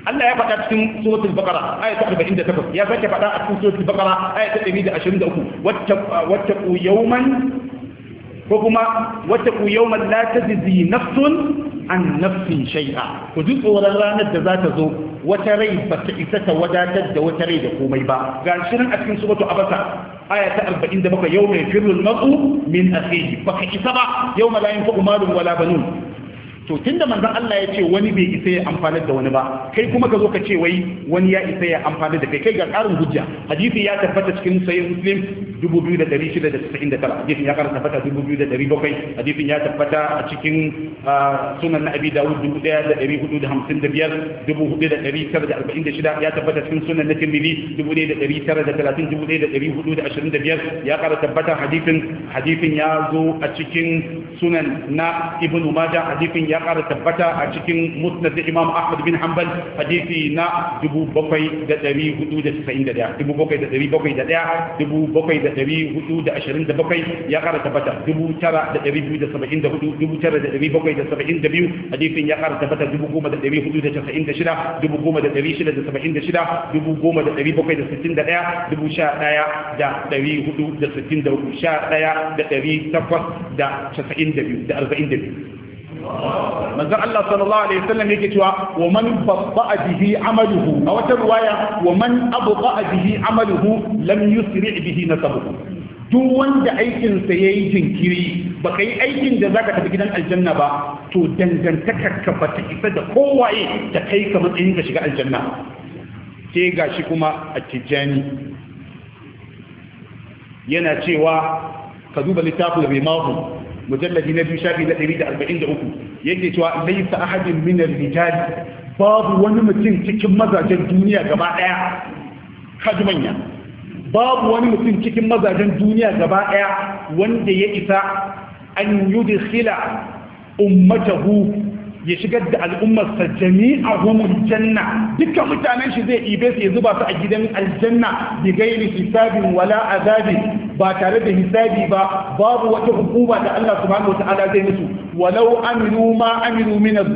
Allah ya faɗa cikin suratul baqara aya ta 48 ya sake faɗa a cikin suratul baqara aya ta 123 wattaqu yawman ko kuma wattaqu yawman la tajzi nafsun an nafsin shay'a ku ji tsoron ranar da za ta zo wata rai ba ta isa ta wadatar da wata rai da komai ba ga shirin a cikin suratul abasa aya ta 47 yau yafirru al matsu min asiri baka isa ba yawma la yanfa'u malun wala banun to tunda manzon Allah ya ce wani bai isa ya amfana da wani ba kai kuma ka zo ka ce wai wani ya isa ya amfana da kai kai ga karin hujja hadisi ya tabbata cikin sahih muslim 2699 hadisin ya karanta tabbata 2700 hadisin ya tabbata a cikin sunan na abi daud 1455 4946 ya tabbata cikin sunan na tirmidhi 1930 1425 ya karanta tabbata hadisin hadisin ya zo a cikin sunan na ibnu majah hadisin ya ya tabbata a cikin musnad da imam ahmad bin hanbal hadisi na da bakwai ya kara tabbata 9,274 9,772 hadisin ya kara tabbata dubu goma da 11,463 hudu da 42 da biyu. manzon Allah sallallahu alaihi wasallam yake cewa wa man babba'a bihi amaluhu a wata ruwaya wa man abqa bihi amaluhu lam yusri bihi nasabuhu duk wanda aikinsa ya yi jinkiri ba ka yi aikin da za ka tafi gidan aljanna ba to dangantakar ka ba ta isa da kowaye ta kai ka matsayin ka shiga aljanna sai ga shi kuma a tijjani yana cewa ka duba littafin mai mahu mujalladi na biyu shafi na 143 yake cewa laysa ahadin min ar-rijal babu wani mutum cikin mazajen duniya gaba ɗaya. kaji manya babu wani mutum cikin mazajen duniya gaba daya wanda ya isa an yudkhila ummatahu ya shigar da al'ummarsa jami'a humul janna dukkan mutanen shi zai ibe su ya zuba su a gidan aljanna bi gairi hisabin wala azabi ba tare da hisabi ba babu wata hukuma da Allah subhanahu wata'ala zai musu walau aminu ma aminu min az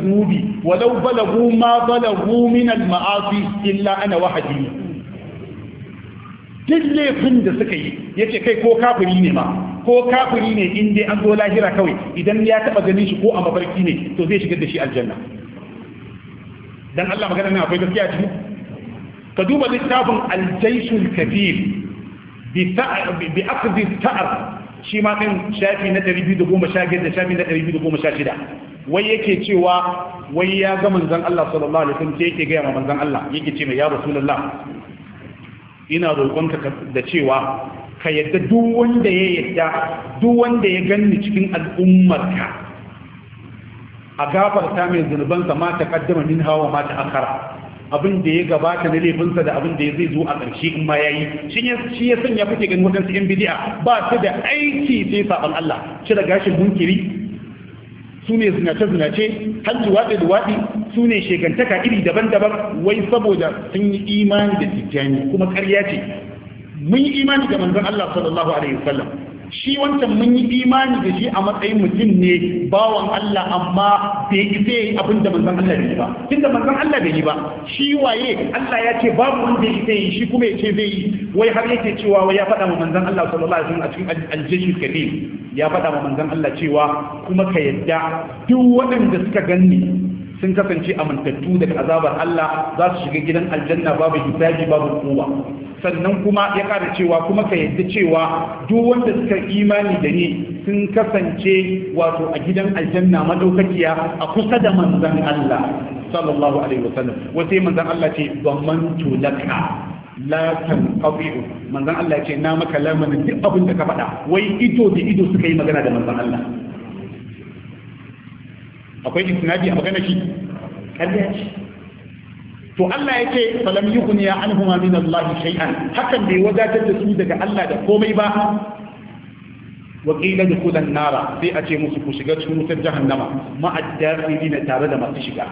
walau balagu ma balagu min al-ma'asi illa ana wahdi duk laifin da suka yi yace kai ko kafiri ne ma ko kafiri ne in dai an zo lahira kawai idan ya taba ganin shi ko a mafarki ne to zai shigar da shi aljanna dan Allah magana nan akwai gaskiya ciki ka duba littafin aljaishul kabir bi bi akhdhi ta'ar shi ma kan shafi na 215 da shafi na 216 wai yake cewa wai ya ga manzon Allah sallallahu alaihi wasallam sai yake ga manzon Allah yake ce mai ya rasulullah ina roƙonka da cewa ka yadda duk wanda ya yadda duk wanda ya ganni cikin al'ummarka a gafarta mai zunubansa ma ta kaddama min hawa ma ta akara abin da ya gabata na laifinsa da abin da ya zai zo a ƙarshe in ma yayi shi ya sanya kuke ganin wadansu yan bidi'a ba su da aiki sai saban Allah cire gashin munkiri su ne zinace-zinace hajji waɗe da waɗi su ne shekantaka iri daban-daban wai saboda sun yi imani da tijjani kuma ƙarya ce mun yi imani da manzon Allah sallallahu alaihi wasallam shi wancan mun yi imani da shi a matsayin mutum ne bawan Allah amma bai ife abin da manzon Allah bai yi ba da manzon Allah bai yi ba shi waye Allah ya ce babu wanda ya ife shi kuma ya ce bai yi wai har yake cewa wai ya faɗa wa manzon Allah sallallahu alaihi wasallam a cikin aljashi kadir ya faɗa wa manzon Allah cewa kuma ka yadda duk waɗanda suka ganni sun kasance amintattu daga azabar Allah za su shiga gidan aljanna babu hisabi babu kowa sannan kuma ya ƙara cewa kuma ka yadda cewa duk wanda suka imani da ni sun kasance wato a gidan aljanna madaukakiya a kusa da manzon Allah sallallahu alaihi wasallam wasai manzon Allah ce zamantu laka la tanqabi'u manzon Allah ce na maka lamanin duk abin da ka faɗa wai ido da ido suka yi magana da manzan Allah akwai istinadi a magana shi ce to Allah yake falam ya anhum min Allah shay'an hakan bai wadatar da su daga Allah da komai ba wa qila dukhulan nara sai a ce musu ku shiga cikin wutar jahannama ma na tare da masu shiga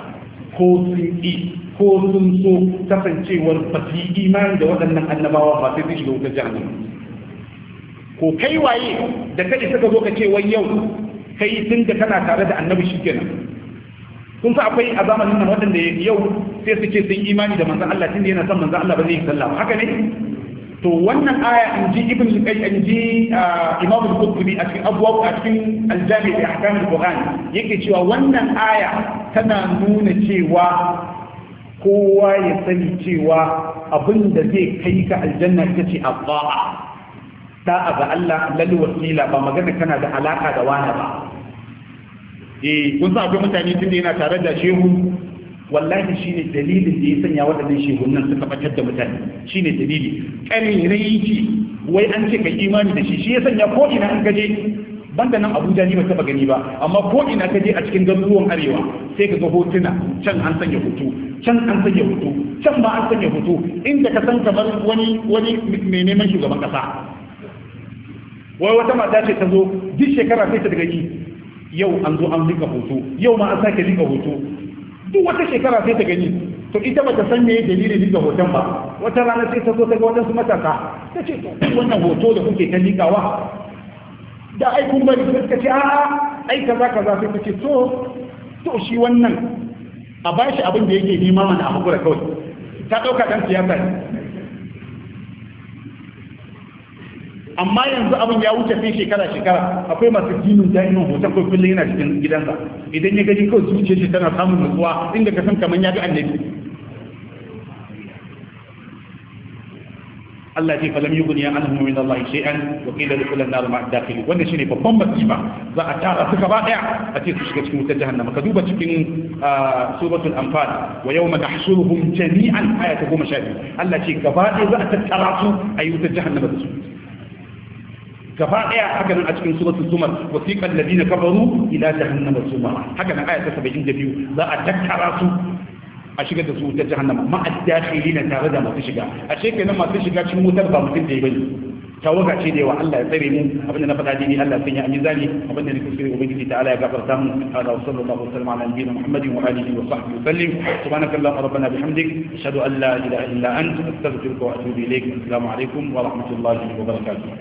ko sun yi ko sun so kasancewar ba su imani da waɗannan annabawa ba sai shiga wutar jahannama ko kai waye da kai suka zo ka ce wai yau kai tun da kana tare da annabi shikenan kun sa akwai a zamanin nan waɗanda yau sai suke sun imani da manzan Allah tun da yana son manzan Allah ba zai yi sallah haka ne to wannan aya in ji ibn al-qayyim in ji uh, imam al-qurtubi a cikin abwab a cikin al-jami' bi ahkam al-quran yake cewa wannan aya tana nuna cewa kowa ya sani cewa abin da zai kai ka aljanna ita ce abba'a Sa'a ga Allah lalu wasila ba magana kana da alaka da wani ba eh kun sa akwai mutane tunda yana tare da shehu wallahi shine dalilin da ya sanya waɗannan nan suka batar da mutane shine dalili Kare ƙarin ce wai an ce kai imani da shi shi ya sanya ko ina an gaje banda nan abuja ni ba taba gani ba amma ko ina kaje a cikin garuruwan arewa sai ka ga hotuna can an sanya hoto can an sanya hoto can ba an sanya hoto inda ka san kamar wani wani mai neman shugaban kasa wai wata mata ce ta zo duk shekara sai ta daga yi yau an zo an rika hoto yau ma an sake rika hoto duk wata shekara sai ta gani to ita bata san me dalilin rika hoton ba wata rana sai ta zo ta ga wannan su matasa ta ce to wannan hoto da kuke ta rikawa da ai kun bari sai ta ce a'a ai kaza kaza sai ta ce to to shi wannan a bashi abin da yake nema mana a hakura kawai ta dauka dan siyasa ne amma yanzu abin ya wuce sai shekara shekara akwai masu jinin jami'in hoton kai kullum yana cikin gidansa idan ya gaji kawai zuciyar shi tana samun nutsuwa inda ka san kamar ya ga annabi Allah ce falam yi guniya an min Allah shay'an wa qila dukhul an-nar ma'a dakhil wannan shine babban masifa za a tara su gaba daya a ce su shiga cikin wutar jahannama ka duba cikin ah, suratul anfal wa yawma nahshuruhum jami'an ayatu 12 Allah ya ce gaba daya za a tattara su a yi wutar jahannama da su gaba daya haka nan a cikin suratul zumar wasiqal ladina kafaru ila jahannama zumar haka nan aya ta 72 za a tattara su a shiga da su ta jahannama ma addakhilina tare da masu shiga a shekenan masu shiga cikin wutar ba mutum da bane tawaga ce da yawa Allah ya tsare mu abinda na faɗa dini Allah sanya amin zani abinda nake kuskure ubangiji ta Allah ya gafarta mu hada sallallahu alaihi wa ala nabiyina muhammadin wa alihi wa sahbihi sallim subhanaka allahumma rabbana bihamdik ashhadu an la ilaha illa anta astaghfiruka wa atubu ilaik assalamu alaikum wa rahmatullahi wa barakatuh